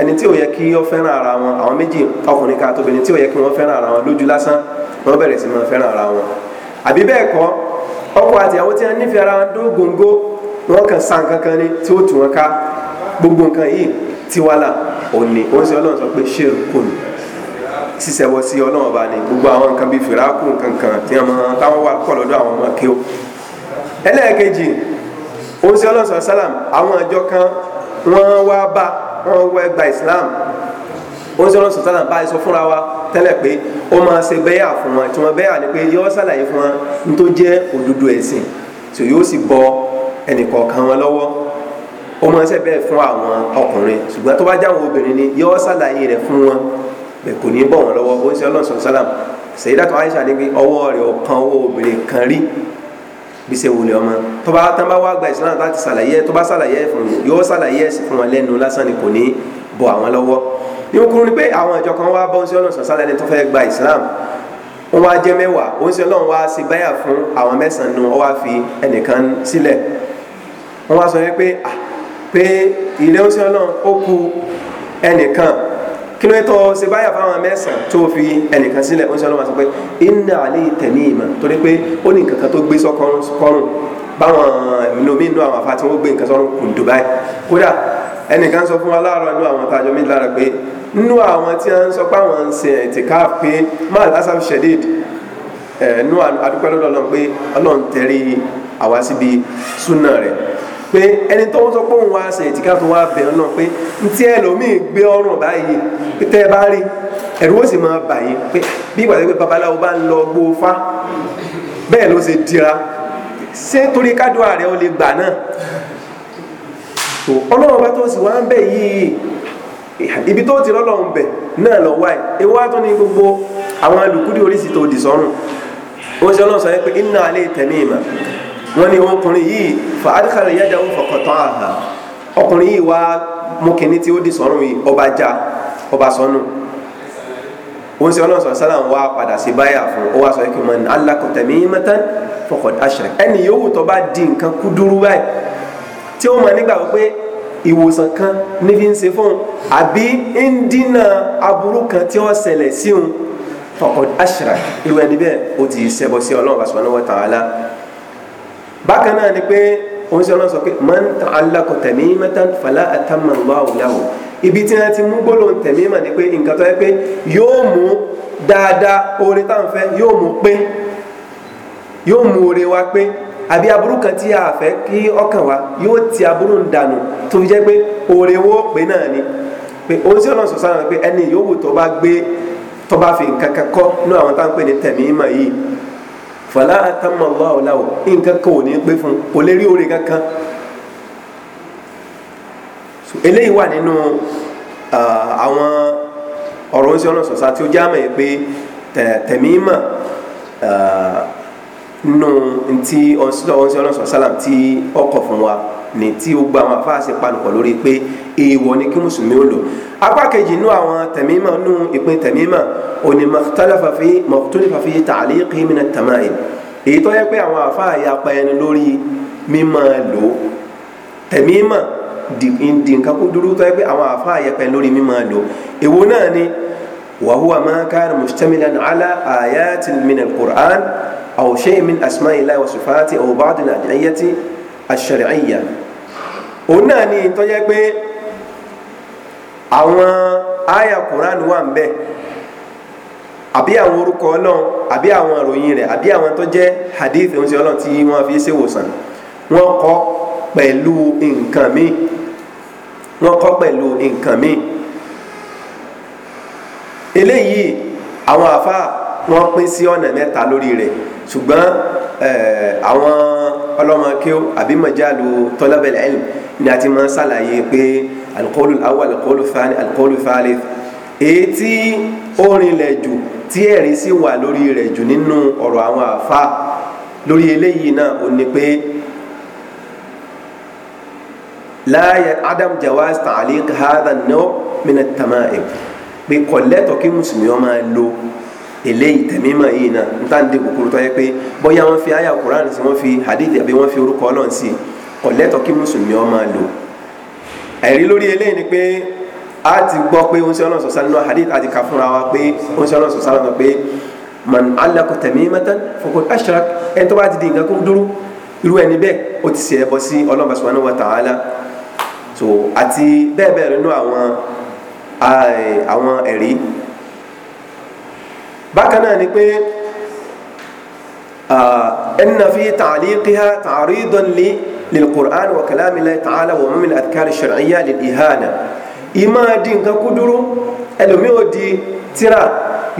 ẹni tí ò yẹ kí ó fẹ́ràn ara wọn àwọn méjì ọkùnrin ká tóbi tí ò yẹ kí wọ́n fẹ́ràn ara wọn lójú lásán wọ́n bẹ̀rẹ̀ sí máa fẹ́ràn ara wọn àbí bẹ́ẹ̀ kọ́ ọkọ àti ìyàwó tí wọ́n nífẹ̀ẹ́ ara dó góńgó wọ́n kàn san kankan ni tí ó tù wọ́n ká gbogbo nǹkan yìí ti wá là òní ó ń sọ ọlọ́run sọ pé ṣéèrù kò ní sísẹ̀wọ́ sí ọlọ́run bá ní gbogbo àwọn nǹkan bíi fìràkù kankan tí wọ́n máa táwọn wà pọ̀ lọ́dọ̀ àwọn ọmọ kéwò ẹlẹ́ẹ̀kejì ó ń sọ ọlọ́run sọ sálàm àwọn àjọ kan wọ́n wá bá wọ́n wá gba ìsìlámù ó ń sọ sọ sálàm báyìí sọ fúnra wa tẹ́lẹ̀ pé ó máa ṣe bẹ́yà fún wọn tí wọ́n bẹ́yà ni pé yóò ṣàlàyé fún wọn ní tó jẹ́ òdodo ẹ̀sìn tí yóò sì bọ ẹnìkọ̀ọ̀kan wọn lọ́wọ́ ó máa ṣe bẹ́ẹ̀ fún àwọn ọkùnrin ṣùgbọ́n tó bá já àwọn obìnrin ni yóò ṣàlàyé rẹ̀ fún wọn bẹ́ẹ̀ kò ní bọ̀ wọn lọ́wọ́ ó ń ṣe ọlọ́sàn sálàm Sayyidatu Aisha ní pé ọwọ́ rẹ̀ ọ̀kan owó obìnrin kan rí bísẹ̀ wòlé ọmọ tó bá tán bá wá gba ìsìlámù láti ṣàlàyé tó bá ṣàlàyé fún yóò ṣàlàyé fún wọn lẹ́nu lásán ni kò ní bọ àwọn lọ́wọ́ ìwúkúrú ni pé àwọn ìjọ kan wá bọ́ ń sí ọ̀nà sọ̀sálà ẹni tó fẹ́ gba Islam wọ́n wá jẹ́ mẹ́wàá ó ń sí ọlọ́run wá sí báyà fún àwọn mẹ́sàn-án nu ọ wá fi ẹnìkan sílẹ̀ wọ́n wá sọ pé à pé ilé ń sí ọlọ́run ó ku ẹnìkan kí ló tó ṣe báyà fáwọn mẹ́sàn-án tó fi ẹnìkan sílẹ̀ ó ń sí ọlọ́run wá sọ pé iná àlẹ́ tẹ̀lé ìmọ̀ torí pé ó ní nǹkan kan tó gbé sọ́kọ́rùn báwọn ẹlòmíín nú àwọn afá ẹnìkan sọ fún wa láàárọ̀ nínú àwọn tàjọ mi lára pé nínú àwọn tí wọ́n sọ pé àwọn ń sin ẹ̀tìkáàf pé má lásàf ṣẹ̀díd ẹ̀ẹ́nú adúpẹ́ lọ́dọ̀ ọlọ́run pé ọlọ́run tẹ̀rí àwa síbi súnà rẹ̀ pé ẹni tó ń sọ pé òun wá ṣe ẹ̀tìkáàf tó wá bẹ̀ ọ́ náà pé ntí ẹlòmíì gbé ọrùn báyìí pé tẹ́ ẹ bá rí ẹ̀rù ó sì máa bà yín pé bí ìgbà tó pé babaláwo bá ń lọ gbó bẹ́ẹ̀ ló ṣe dira ṣé torí kádùá rẹ̀ ó lè gbà náà so ọlọ́run bá tó sì wá ń bẹ̀ yìí ibi tó ti rọ́lọ́run bẹ̀ náà lọ wáyé ewu wá tó ní gbogbo àwọn alùkúdí oríṣi tó dì sọ́run wọ́n ṣe ọlọ́run sọ yẹn pé iná alẹ́ tẹ̀mí ìmọ̀ wọ́n ní ọkùnrin yìí fa adkhala yadahu fọkàntán àhà ọkùnrin yìí wá mú kínní tí ó dì sọ́run yìí ọba já ọba sọ́nù wọ́n sọ ọlọ́run sọ sálà ń wá padà sí báyà fún ó wá sọ yìí kí wọ́n ní alákọ̀tẹ̀mí mẹ́tán fọkàn àṣẹ ẹni yòówù tó bá di nǹkan kúdúrú báyìí tí ó mọ̀ nígbà wípé ìwòsàn kan ní fi ń ṣe fún un àbí ń dínà aburú kan tí ó ṣẹlẹ̀ sí un faqad ashrak irú ẹni bẹ́ẹ̀ ó ti ṣẹbọ sí Ọlọ́run subhanahu wa ta'ala bákan náà ni pé òun ṣe Ọlọ́run sọ pé man ta'allaqa tamimatan fala atamma Allahu lahu ibi tí wọ́n ti mú gbólóhùn tamima ni pé nǹkan tó yẹ pé yóò mú dáadáa oore táwọn fẹ́ yóò mú pé yóò mú oore wa pé àbí aburú kan tí a fẹ́ kí ọkàn wa yóò ti aburú ń dànù tó fi jẹ́ pé òòrè wo pé náà ni pé ohun tí ọlọ́run sọ̀sọ́ àwọn pé ẹni yòówù tó bá gbé tó bá fi nǹkan kan kọ́ ní àwọn tá à ń pè ní tẹ̀mí ìmọ̀ yìí fọlá àtàmọ̀lá ọ̀làwọ̀ nǹkan kan ò ní pé fún kò lè rí òòrè kankan eléyìí wà nínú àwọn ọ̀rọ̀ ohun tí ọlọ́run sọ̀sọ́ àti ojú àmọ̀ yìí pé tẹ̀mí ìmọ̀ nínú ti ọ̀nsílọ̀ ọ̀nsílọ̀ sọ̀sálàm tí ọkọ̀ fún wa ní tí ó gba àwọn afáàsì panupọ̀ lórí pé èèwọ̀ ni kí mùsùlùmí ó lò apá kejì inú àwọn tẹ̀mímà inú ìpín tẹ̀mímà òní mọ̀tálífà fi mọ̀tálífà fi ta'liqi min at-tama'im èyí tó yẹ pé àwọn afáàyè apá ẹni lórí mímọ́ lò tẹ̀mímà di nǹkan kó dúró tó yẹ pé àwọn afáàyè apá ẹni lórí mímọ́ lò èwo náà ni wa huwa ma أو شيء من أسماء الله وصفاته أو بعض الأدعية الشرعية ni tó jẹ́ pé àwọn àyà Quran wà ń bẹ àbí àwọn orúkọ Ọlọ́run àbí àwọn ìròyìn rẹ̀ àbí àwọn tó jẹ́ hadith oúnjẹ Ọlọ́run tí wọ́n fi ṣèwòsàn kọ pẹ̀lú nǹkan míì eléyìí àwọn àfa wọ́n pín sí ṣùgbọ́n àwọn ọlọ́mọ kéw àbí mọ̀jáàlú talabul ilm ni a ti máa ń ṣàlàyé pé alukóòlù awọ alukóòlù fani alukóòlù fali èyí tí ó rinlẹ̀ jù tí ẹ̀rí sì wà lórí rẹ̀ jù nínú ọ̀rọ̀ àwọn àfa lórí eléyìí náà ó ní pé láàyè adam jawaz ta'liq hadha an-naw' min at pé kọ̀lẹ́tọ̀ kí mùsùlùmí ó máa lo eléyìí tẹ̀mímọ̀ yìí náà n tá n de kòkòrò tó yẹ pé bóyá wọ́n fi àyà Qur'an sí wọ́n fi hadith àbí wọ́n fi orúkọ Ọlọ́run sí kò lẹ́tọ̀ọ́ kí mùsùlùmí ọ máa lò ẹ̀rí lórí eléyìí ni pé a ti gbọ́ pé oúnjẹ ọlọ́run sọ̀sá nínú hadith àti kà fúnra wa pé oúnjẹ ọlọ́run sọ̀sá lọ́nà pé man alako tamimatan faqad ashrak ẹni tó bá ti di nǹkan kó dúró irú ẹni bẹ́ẹ̀ ó ti ṣe ẹbọ sí Ọlọ́run subhanahu wa ta'ala so àti bẹ́ẹ̀ bẹ́ẹ̀ nínú àwọn àwọn ẹ̀rí bákan náà ni pé inna fi ta'liqiha ta'ridan li lilqur'an wa kalamillahi ta'ala wa min al-adhkar ash-shar'iyya lil-ihana ìmọ̀ di nǹkan kúdúrú ẹlòmíì ò di tíra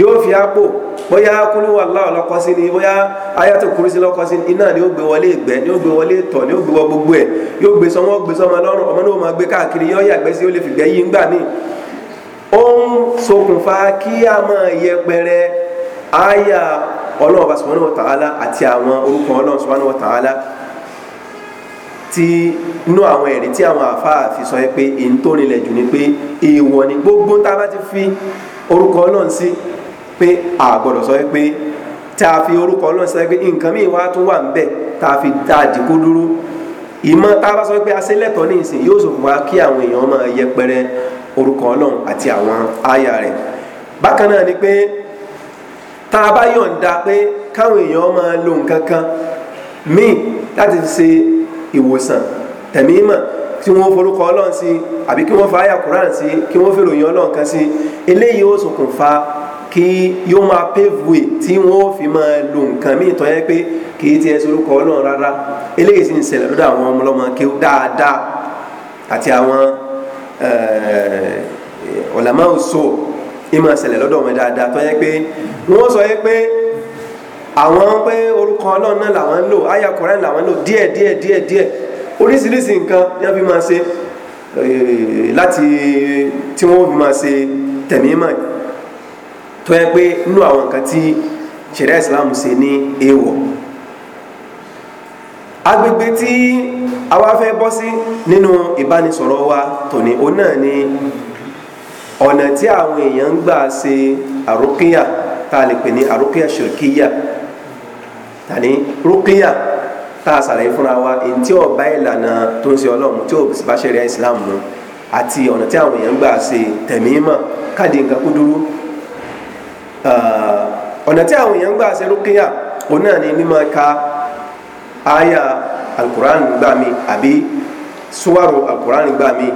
yóò fi àpò bóyá kúlú wà láwọn lọkọ sí ni bóyá ayáto kúrú sí lọkọ sí ni iná ni ó gbé wọlé ìgbẹ́ ni ó gbé wọlé ìtọ̀ ni ó gbé wọ gbogbo ẹ̀ yóò gbé sọmọ gbé sọmọ lọ́rùn ọmọ náà máa gbé káàkiri yóò yàgbẹ́ sí ó lè fìgbẹ́ yí ńgbà míì ó ń ṣokùnfà kí a máa yẹpẹrẹ Aya ọlọ́ọ̀bá subhanahu wa ta'ala àti àwọn orúkọ ọlọ́ọ̀ subhanahu wa ta'ala tí inú àwọn ẹ̀rí tí àwọn àfáà sọ pé èyí tó rinlẹ̀ jù ni pé èèwọ̀ ni gbogbo tá a bá ti fi orúkọ ọlọ́ọ̀ sí pé a gbọ́dọ̀ sọ pé tá a fi orúkọ ọlọ́ọ̀ sí pé nǹkan míì wá tún wà ń bẹ̀ tá a fi dá àdínkù dúró ìmọ̀ tá a bá sọ pé asélẹ̀tọ̀ ní ìsìn yóò sọ fún wa kí àwọn èèyàn máa yẹpẹrẹ orúkọ ọlọ́run àti àwọn àyà rẹ̀ bákan náà ni pé tá a bá yọ̀ǹda pé káwọn èèyàn máa lo nǹkan kan míì láti ṣe ìwòsàn tẹ̀mí mọ̀ tí wọ́n forúkọ ọlọ́run sí àbí kí wọ́n fa àyà Quran sí kí wọ́n fi ròyìn ọlọ́run kan sí eléyìí ó ṣokùnfà kí yóò máa paveway tí wọ́n fi máa lo nǹkan míì tó yẹ pé kì í tiẹ̀ sorúkọ ọlọ́run rárá eléyìí sì ń ṣẹlẹ̀ lọ́dọ̀ àwọn ọmọlọ́mọ kéwú dáadáa àti àwọn ọ̀làmáwòsó eh, ìmọ̀ ṣẹlẹ̀ lọ́dọ̀ wọn dáadáa tó yẹ pé wọ́n sọ yẹ pé àwọn pé orúkọ ọlọ́run náà làwọn ń lò àyà koran làwọn ń lò díẹ̀ díẹ̀ díẹ̀ díẹ̀ oríṣiríṣi nǹkan ni wọ́n fi máa ṣe eh, láti tí wọ́n fi máa ṣe tẹ̀mí mọ̀ tó yẹ pé nínú àwọn nǹkan tí ṣẹ̀ríà ìsìláàmù ṣe ní èèwọ̀ agbègbè tí àwa fẹ́ bọ́ sí nínú ìbánisọ̀rọ̀ wa tòní òun náà ni ọ̀nà tí àwọn èèyàn ń gbà ṣe àrùkíyà tá a lè pè ní àrùkíyà ṣìrìkíyà tani rúkíyà tá a ṣàlàyé fúnra wa èyí tí ó bá ìlànà tó ń ṣe ọlọ́run tí ò sì bá ṣẹ̀ríà islam mu àti ọ̀nà tí àwọn èèyàn ń gbà ṣe tẹ̀mímọ̀ káàdì nǹkan kúdúrú ọ̀nà tí àwọn èèyàn ń gbà ṣe rúkíyà òun náà ni mímọ̀ ka àyà alukur'an gbà mí àbí suwaru alukur'an gbà mí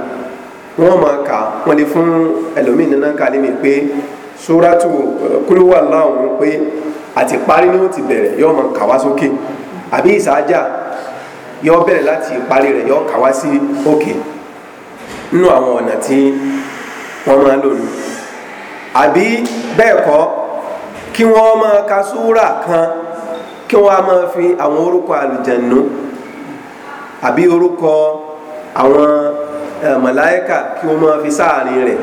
wọ́n máa kà wọ́n lè fún ẹlòmíì nínú kálí mi pé suratu kúlúwà láwọn pé àti parí ni ó ti bẹ̀rẹ̀ yóò máa kà wá sókè àbí ìsájà yóò bẹ̀rẹ̀ láti parí rẹ̀ yóò kà wá sí òkè nínú àwọn ọ̀nà tí wọ́n máa lò nù àbí bẹ́ẹ̀ kọ́ kí wọ́n máa ka súrà kan kí wọ́n máa fi àwọn orúkọ àlùjànnú àbí orúkọ àwọn Eh, màláíkà kí wọ́n máa fi sáàrin rẹ̀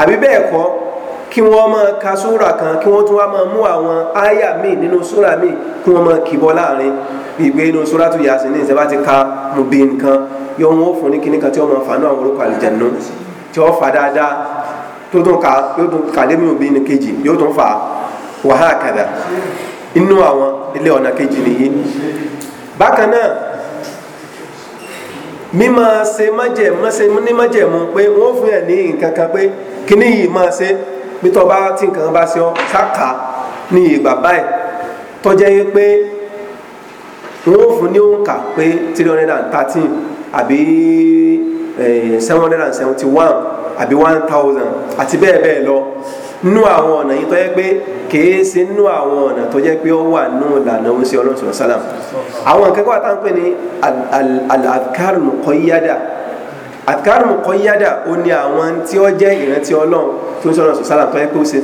àbí bẹ́ẹ̀ kọ́ kí wọ́n máa ka súra kan kí wọ́n tún wá máa mú àwọn áyà míì nínú súra míì kí wọ́n máa kìbọ́ láàrin ìgbé inú súratu Yasin ní ìsẹ́bá ti ka mo bí nǹkan yóò wọ́n fún ní kíní kan tí wọ́n máa fanú àwọn orúkọ àlìjẹ̀nu tí wọ́n fà dáadáa tó tún ka yóò tún kàdé mi ò bí ní kejì yóò tún fà wàhálà kàdà inú àwọn ilé ọ̀nà kejì nìyí bákan náà mímọ se májẹ̀mú ṣe ní májẹ̀mú pé wọ́n fún ẹ̀ ní nǹkan kan pé kíní yìí máa ṣe pé tó tí nǹkan bá ṣe pe ṣáka ní ìgbà báyìí tó jẹ́ pé wọ́n fún ní òǹkà pé three hundred lọ. nú àwọn ọ̀nà yìí tó yẹ pé kìí ṣe nú àwọn ọ̀nà tó yẹ pé ó wà nú ìlànà òun sí ọlọ́run sọ̀rọ̀ sálàm àwọn nǹkan kọ́ àtàwọn pè ní al-adhkar muqayyada adhkar muqayyada ó ní àwọn tí ó jẹ́ ìrántí ọlọ́run tó ń sọ̀rọ̀ sọ̀rọ̀ sálàm tó yẹ pé ó ṣe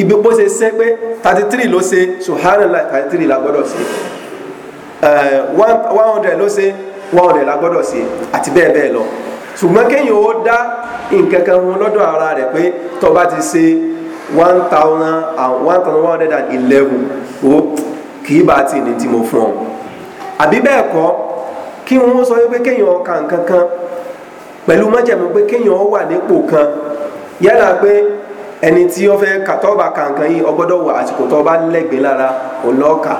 ibi bó ṣe ṣe pé thirty three ló ṣe subhanallah thirty three la gbọ́dọ̀ ṣe eh, one hundred ló ṣe one hundred la gbọ́dọ̀ ṣe àti bẹ́ẹ̀ bẹ́ẹ̀ lọ ṣùgbọ́n kéèyàn ó dá nǹkan kan lọ́dọ̀ ara rẹ̀ pé tó ti ṣe one thousand uh, and one hundred and eleven o oh, kì í bá ti ní tí mo fún ọ àbí bẹ́ẹ̀ kọ́ kí wọ́n sọ pé kéèyàn ka nǹkan kan pẹ̀lú mọ́jẹ̀mú pé kéèyàn wà nípò kan yálà pé ẹni tí ó fẹ́ kàtọ́ọ̀bà ka nǹkan yìí ọgbọ́dọ̀ wà àsìkò tó bá lẹ́gbẹ̀ẹ́ lára ọlọ́ọ̀kà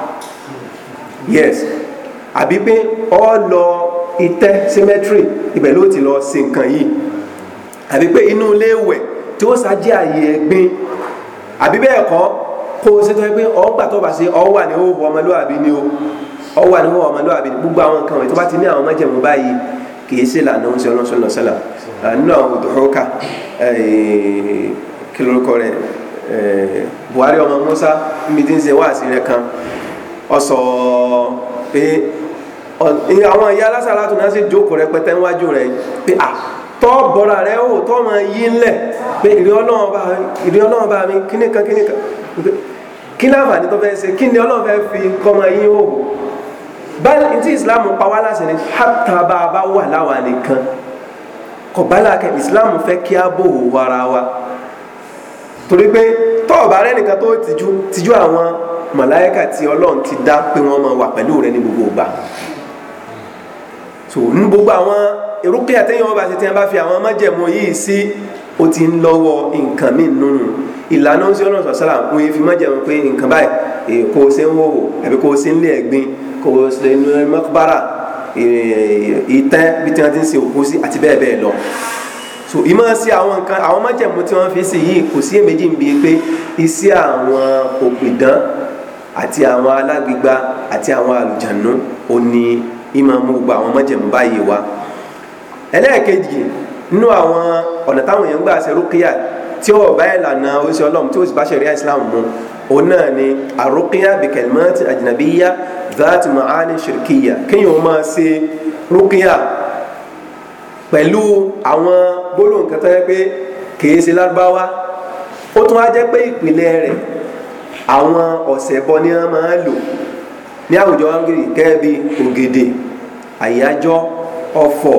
yes àbí pé ọ lọ ìtẹ́ cemetery ibẹ̀ ló ti lọ ṣe nǹkan yìí àbí pé inú ilé ìwẹ̀ tí ó sájẹ́ àyè ẹ̀gbin àbí bẹ́ẹ̀ kọ́ kó o ṣe tó yẹ pé ọgbà tó bá ṣe ọ wà ní òhùn ọmọlúwàbí ni o ọ wà ní òhùn ọmọlúwàbí ni gbogbo àwọn nǹkan wọ̀nyí tó bá ti ní àwọn májẹ̀mú báyìí kì í ṣe lànà oúnjẹ ọlọ́sọ lọ sọ́là nínú àwọn òdòdókà kí lorúkọ rẹ Buhari ọmọ Musa níbi tí ń ṣe wáàsí rẹ kan ọ sọ pé àwọn ìyá alásàlátù náà sì jókòó rẹpẹtẹ níwájú rẹ pé à tọ́ bọ̀rọ̀ rẹ ó tọ́ mọ yí ńlẹ̀ pé ìrí ọlọ́run bá mi kíní kan kíní kan kí ní àǹfààní tó fẹ́ ṣe kí ni ọlọ́run fẹ́ fi kọ́mọ yín hò báyìí tí islam pa wá láṣẹ ni hàtà bá a bá wà láwa nìkan kò bá láàkẹ́ islam fẹ́ kí á bò wò ara wa torí pé tọ́ ọ̀bá rẹ nìkan tó tìjú tìjú àwọn màláíkà tí ọlọ́run ti dá pé wọ́n máa wà pẹ̀lú rẹ ní gbogbo ìgbà ìrúkìá téèyàn ọba ṣe tí wọn bá fi àwọn májẹ̀mú yìí sí ó ti ń lọ́wọ́ nǹkan míì nínú ìlànà oṣù ọlọ́run sọ̀sọ́là ń fi májẹ̀mú pé nǹkan báyìí kò ṣe ń wòwò àbí kò ṣe ń lé ẹ̀gbin kò ṣe ń lé mọ́kúbárà ìtẹ́ bí tí wọ́n ti ń ṣe òkú sí àti bẹ́ẹ̀ bẹ́ẹ̀ lọ so ìmọ̀ sí àwọn nǹkan àwọn májẹ̀mú tí wọ́n fi sí yìí kò sí èméjì ń bi pé iṣẹ́ àwọn òpìdán àti àwọn alágbègbà àti àwọn àlùjànú ò ní ìmọ̀ mú gbogbo àwọn májẹ̀mú báyìí wá ẹlẹ́ẹ̀kejì nínú àwọn ọ̀nà táwọn èèyàn gbà ṣe rúkìá tí ó bá ìlànà oṣù ọlọ́run tí ó sì bá ṣẹ̀ríà islam mu òun náà ni àrùkìá bìkẹ̀lmọ́tì àjìnàbíyá dhat ma'ani shirkiya kéèyàn ó máa ṣe rúkìá pẹ̀lú àwọn gbólóhùn kan tó yẹ pé kìí ṣe lárúbáwá ó tún á jẹ́ pé ìpìlẹ̀ rẹ̀ àwọn ọ̀sẹ̀ bọ ni wọ́n máa lò ní àwùjọ wọn gírí ògèdè àyájọ́ ọ̀fọ̀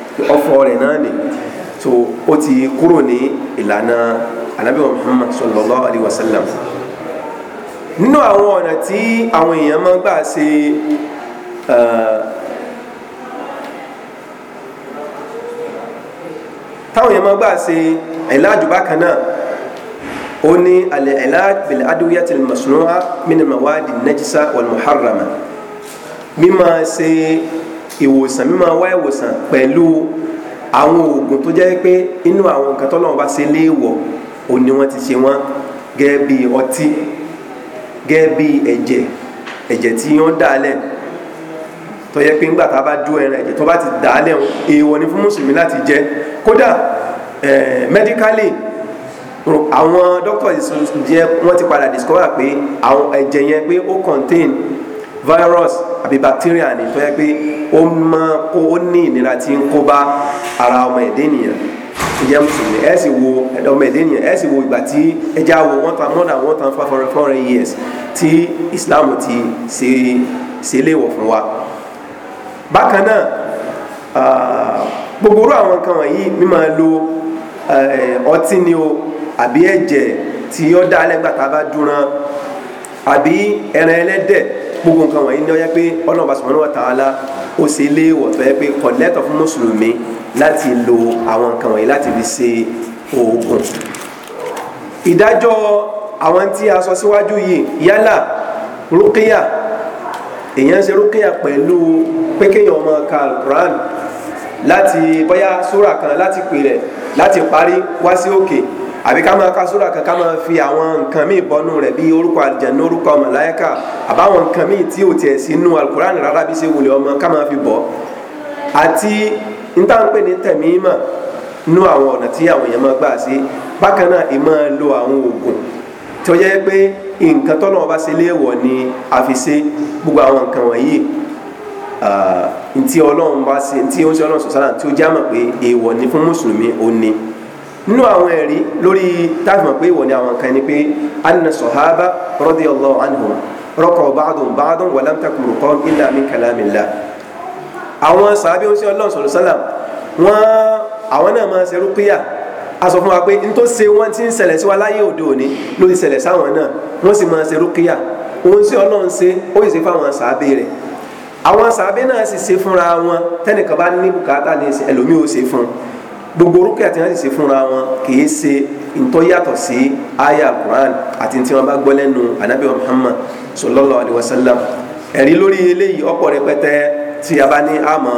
ọfọ rẹ̀ náà ni so ó ti kúrò ní ìlànà anabi muhammad sallallahu alayhi wa sallam nínú àwọn ọ̀nà tí àwọn èèyàn máa ń gbà ṣe táwọn èèyàn máa ń gbà ṣe ìlàjù bákan náà ó ní alẹ́ ìlàjù bil adwiyati al masnu'a min al mawadi ṣe ìwòsàn mímọ wá ìwòsàn pẹ̀lú àwọn oògùn tó jẹ́ pé inú àwọn nǹkan tọ́lọ́run bá ṣe léèwọ̀ ò ní wọ́n ti ṣe wọ́n gẹ́gẹ́ bí ọtí gẹ́gẹ́ bí ẹ̀jẹ̀ ẹ̀jẹ̀ tí wọ́n dà lẹ̀ tó yẹ pé ńgbà tá a bá dú ẹran ẹ̀jẹ̀ tó bá ti dà lẹ̀ èèwọ̀ ni fún mùsùlùmí láti jẹ kódà mẹ́díkálì àwọn dókítà yẹn wọ́n ti padà discover pé àwọn ẹ̀jẹ̀ yẹn pé ó contain virus àbí bacteria ni tó yẹ pé o máa kó ó ní ìnira tí ń kó ara ọmọ ẹ̀dẹ́ nìyẹn ìjẹ́ mùsùlùmí ẹ̀ sì wo ọmọ ẹ̀dẹ́ nìyẹn ẹ̀ sì wo ìgbà tí ẹja wo one thousand more than one thousand five hundred four hundred years tí Islam ti ṣe ṣe léèwọ̀ fún wa bákan náà gbogbo orú àwọn nǹkan wọ̀nyí mímọ lo ọtí ni o àbí ẹ̀jẹ̀ tí ó dá alẹ́gbàtà bá dúran àbí ẹran ẹlẹ́dẹ̀ gbogbo nǹkan wọ̀nyí ni ó yẹ pé Ọlọ́run bá Subhanahu wa Ta'ala ó ṣe lé wọ̀tọ́ yẹ pé kò lẹ́tọ̀ fún mùsùlùmí láti lo àwọn nǹkan wọ̀nyí láti fi ṣe oògùn ìdájọ́ àwọn tí a sọ síwájú yìí yálà rúkìá èèyàn ṣe rúkìá pẹ̀lú pé kéèyàn ọmọ ka Al-Qur'an láti bóyá súrà kan láti pè rẹ̀ láti parí wá sí òkè. Okay àbí ká máa ka sóra kan ká máa fi àwọn nǹkan míì bọnú rẹ̀ bí orúkọ àlùjànnú orúkọ màláíkà àbáwọn nǹkan míì tí ò tiẹ̀ sínú alukurani rárá bí ṣe wulẹ̀ ọmọ ká máa fi bọ̀ àti níta ń pè ní tẹ̀mí mà nú àwọn ọ̀nà tí àwọn èèyàn máa gbà sí bákan náà ì máa lo àwọn oògùn tí ó jẹ́ pé nǹkan tọ́nà ọba ṣe léèwọ̀ ni a fi ṣe gbogbo àwọn nǹkan wọ̀nyí ntí ọlọ́run bá ṣe ntí oúnjẹ ọlọ́run sọ̀sálà tí ó já mọ̀ pé èèwọ̀ ni fún mùsùlùmí ó ní. nínú àwọn ẹ̀rí lórí táàmù pé ìwọ ni àwọn kan ni pé anna sahaba radiyallahu anhum raqaw ba'dhum ba'dhan wa lam takun min kalamillah àwọn sàábí oúnjẹ ọlọ́run sọ̀rọ̀ sálàm wọ́n àwọn náà máa a sọ fún wa pé n tó ṣe wọ́n ti ń ṣẹlẹ̀ sí wa láyé òde òní ló ti ṣẹlẹ̀ sáwọn náà wọ́n sì máa ọlọ́run ṣe ó sì fáwọn sàábí rẹ̀ àwọn sàábí náà sì ṣe wọn tẹ́nìkan bá ní bùkátà ní ẹlòmíì ó gbogbo orúkọ àti wọn sì ṣe fúnra wọn kìí ṣe ntọ́ sí aya quran àti tí wọn bá gbọ́ lẹ́nu anabi muhammad sallallahu alayhi wa sallam ẹ̀rí lórí eléyìí ọ̀pọ̀ rẹpẹtẹ tí a bá ní àmọ́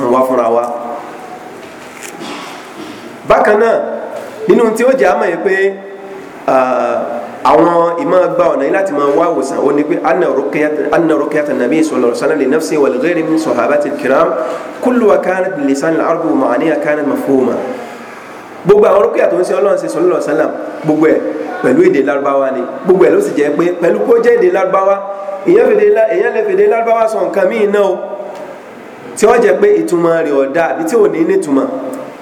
ń wá fúnra wa. bákan náà nínú tí ó jẹ́ àmọ́ yìí pé àwọn ìmọ̀ gba ọ̀nà yìí láti máa wá wòsàn ó ní pé anna rukiyata nabi sallallahu alaihi wasallam li nafsi wal ghayri min sahabati kiram kullu wa kanat bi lisan al-arabi wa ma'aniha kanat mafhuma gbogbo àwọn rukiyata tó ń ṣe ọlọ́run ṣe sallallahu alaihi wasallam gbogbo ẹ̀ pẹ̀lú èdè lárúbáwá ni gbogbo ẹ̀ ló sì jẹ́ pé pẹ̀lú kó jẹ́ èdè lárúbáwá èèyàn lè fèdè lárúbáwá sọ nǹkan míì náà tí wọ́n jẹ́ pé ìtumọ̀ rẹ̀ ọ̀dà àbí tí ò ní nítumọ̀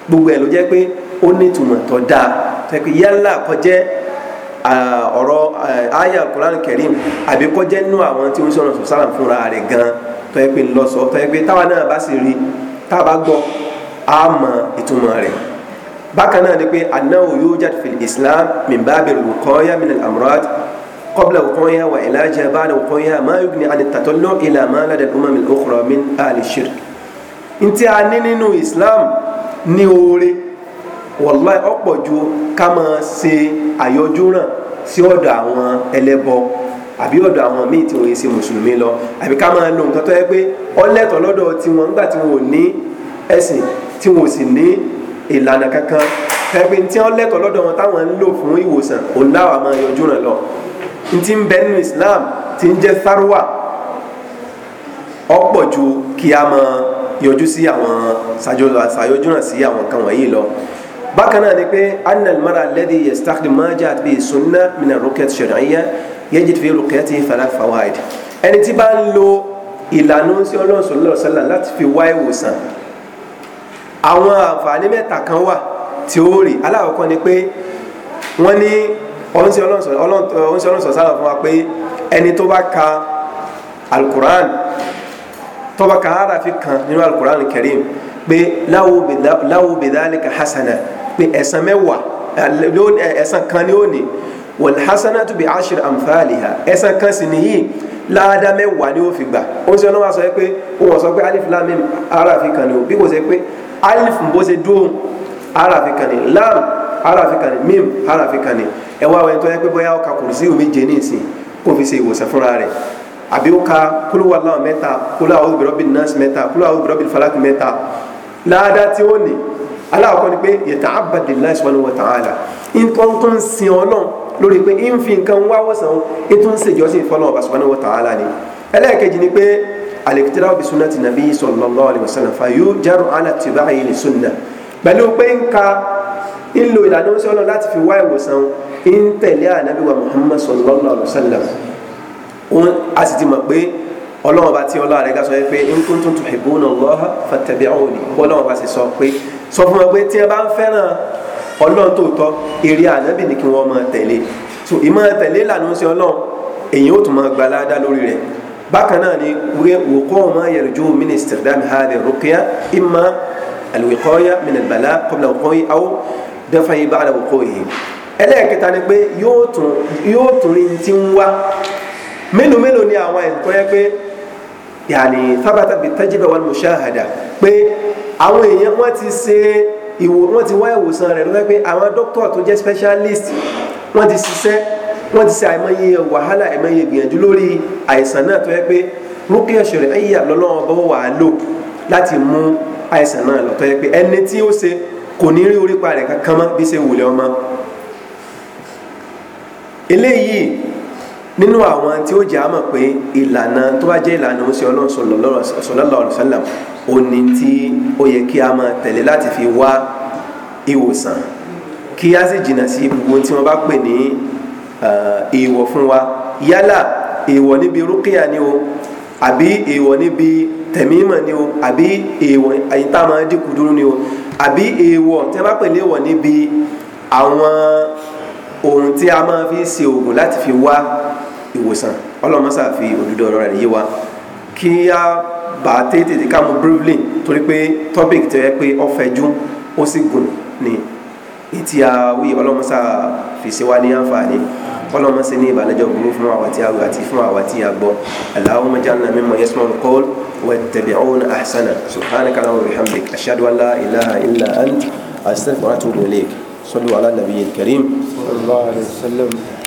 gbogbo ẹ̀ ló jẹ́ pé ó nítumọ̀ tó dáa tẹ́ pé yálà kọjẹ́ Ah, ọ̀rọ̀ àyà eh, Quran Karim àbí kọjá nínú àwọn tí wọ́n sọ̀rọ̀ sọ̀sálàm fúnra rẹ̀ gan tọ́yẹ pé ńlọ́sọ tọ́yẹ pé táwa náà bá sì rí táwa bá gbọ́ á mọ ìtumọ̀ rẹ̀ bákan náà ni pé anáwó yóò jáde fil Islam min babi al-wuqaya min al-amrad قبل وقوعها وعلاجها بعد وقوعها ما يغني عن التطلع إلى ما لدى الأمم الأخرى من أهل الشرك. Ǹtí a ní nínú Islam ní oore wàláì ọ̀pọ̀ ju ká máa ṣe àyọjú ràn sí ọ̀dọ̀ àwọn ẹlẹ́bọ àbí ọ̀dọ̀ àwọn míì tí wọ́n yẹ mùsùlùmí lọ àbí ká máa lo nǹkan tó yẹ pé ọlẹ́tọ̀ lọ́dọ̀ tiwọn tí wọn ò ní ẹ̀sìn tí wọn ò sì ní kankan wọn táwọn ń lò fún ìwòsàn òun máa lọ ti ń bẹ nínú Islam ti ń jẹ́ tharuwa kí a máa yọjú sí àwọn lọ bákan náà ni pé anna almara alladhi yastakhdim ma ja'at bihi sunnah min ar-ruqyat ash-shar'iyyah yajid fi ruqyatihi thalath fawaid ẹni tí bá ń lo ìlànà sí ọlọ́run sallallahu alaihi láti fi wá ìwòsàn àwọn àǹfààní mẹ́ta kan wà tí ó rí alákọ̀ọ́kọ́ ni pé wọ́n ní ọ̀hún sí ọlọ́run sọ̀sálà fún wa pé ẹni tó bá ka alukur'an tó bá ka harafi kan nínú alukur'an karim pé lahu bidhalika hasana pé ẹ̀san mẹ́wàá ẹ̀san kan ni ó ní wal hasanatu bi ashir amthaliha ẹ̀san kan sì nìyí láàdá mẹ́wàá ni ó fi gbà ó sì ọ̀nà wa sọ pé ó wọ̀ sọ pé alif lam mim arafi kan ni ó bí kò ṣe pé alif bó ṣe dúró arafi kan ni lam arafi kan ni mim arafi kan ni ẹ wá wẹ́n tó yẹ pé bóyá ó ka kùrùsí omi jẹ ní ìsìn fi ṣe ìwòsàn fúnra rẹ̀ àbí ó ka kúlúwàláwọ̀ mẹ́ta kúlúwàláwọ̀ bìrọ̀bì nọ́ọ̀sì mẹ́ta kúlúwàláwọ̀ bìrọ̀bì falaki mẹ́ta láàdá tí ó ní aláwọ̀kọ́ ni pé yata'abbad lillahi subhanahu wa ta'ala nǹkan tó ń sin ọlọ́run lórí pé ń fi nǹkan wá wọ̀sán ń tó ń ṣèjọ́sìn fọlọ́run subhanahu wa ta'ala ni ẹlẹ́ẹ̀kejì ni pé al-iqtirā'u bi sunnati nabiyyi sallallahu alayhi wa sallam fayujaru 'ala ittiba'ihi li sunnah pẹ̀lú pé ń ka ń lo ìlànà oṣù ọlọ́run láti fi wá ìwòsàn ń tẹ̀lé ànábì wa muhammad sallallahu alayhi wa sallam sọ fún wọn pé tí ẹ bá ń fẹ́ràn ọlọ́run tòótọ́ eré ànábì ni kí wọ́n máa tẹ̀lé so ìmọ̀ tẹ̀lé ìlànà ń ṣe ọlọ́run èyí ó tún máa gba aládá lórí rẹ̀ bákan náà ni wòkọ́ ma yarju min istiqdam hadhihi ruqya imma alwiqaya min albala qabla wuqu'i aw dafa'i ba'da wuqu'ihi ẹlẹ́ẹ̀kẹta ni pé yóò tún rí ti ń wá mélòó mélòó ni àwọn ẹ̀ńtọ́ yẹ pé yàní thabata bit tajriba wal mushahada pé àwọn èèyàn wọ́n ti ṣe ìwò wọ́n ti wá ìwòsàn rẹ̀ lọ́wọ́ pé àwọn dókítà tó jẹ́ specialist wọ́n ti ṣiṣẹ́ wọ́n ti ṣe àìmọye wàhálà àìmọye ìgbìyànjú lórí àìsàn náà tó yẹ pé rúkẹ́ ọ̀ṣẹ̀rẹ̀ ẹ̀yà lọ́lọ́wọ́ bọ́wọ́ wà á lò láti mú àìsàn náà lọ tó yẹ pé ẹni tí ó ṣe kò ní rí orí pa rẹ̀ kankan mọ́ bí ṣe wùlẹ̀ ọmọ eléyìí nínú àwọn tí ó jẹ́ àmọ̀ pé ìlànà tó bá jẹ́ ìlànà ó ṣe ọlọ́run sọ̀lọ́lọ́ òní tí ó yẹ kí a máa tẹ̀lé láti fi wá ìwòsàn kí a sì jìnnà sí gbogbo tí wọ́n bá pè ní èèwọ̀ fún wa yálà èèwọ̀ níbi rúkìá ni o àbí èèwọ̀ níbi tẹ̀mímọ̀ ni o àbí èèwọ̀ àyíká máa dínkù ni o àbí èèwọ̀ tí wọ́n bá pè léèwọ̀ níbi àwọn ohun tí a máa fi ṣe oògùn láti fi wá ìwòsàn ọlọ́mọ́sà fi òdodo ọ̀rọ̀ rẹ̀ yé wa kí á bá tètè ká mú briefly torí pé topic tẹ̀ ẹ́ pé ọ̀fẹ́jú ó sì gùn ni etí àwí ọlọ́mọsá fèsì wá ní àǹfààní ọlọ́mọsá ní ìbànújẹ́ òkú fún àwa tí a wí àti fún àwa tí a gbọ́ Allahumma ij'alna mimman yasma'ul qawl wattabi'una ahsana subhanaka Allahumma wa bihamdik ashhadu an la ilaha illa ant astaghfiruka wa atubu ilayk sallu ala nabiyil karim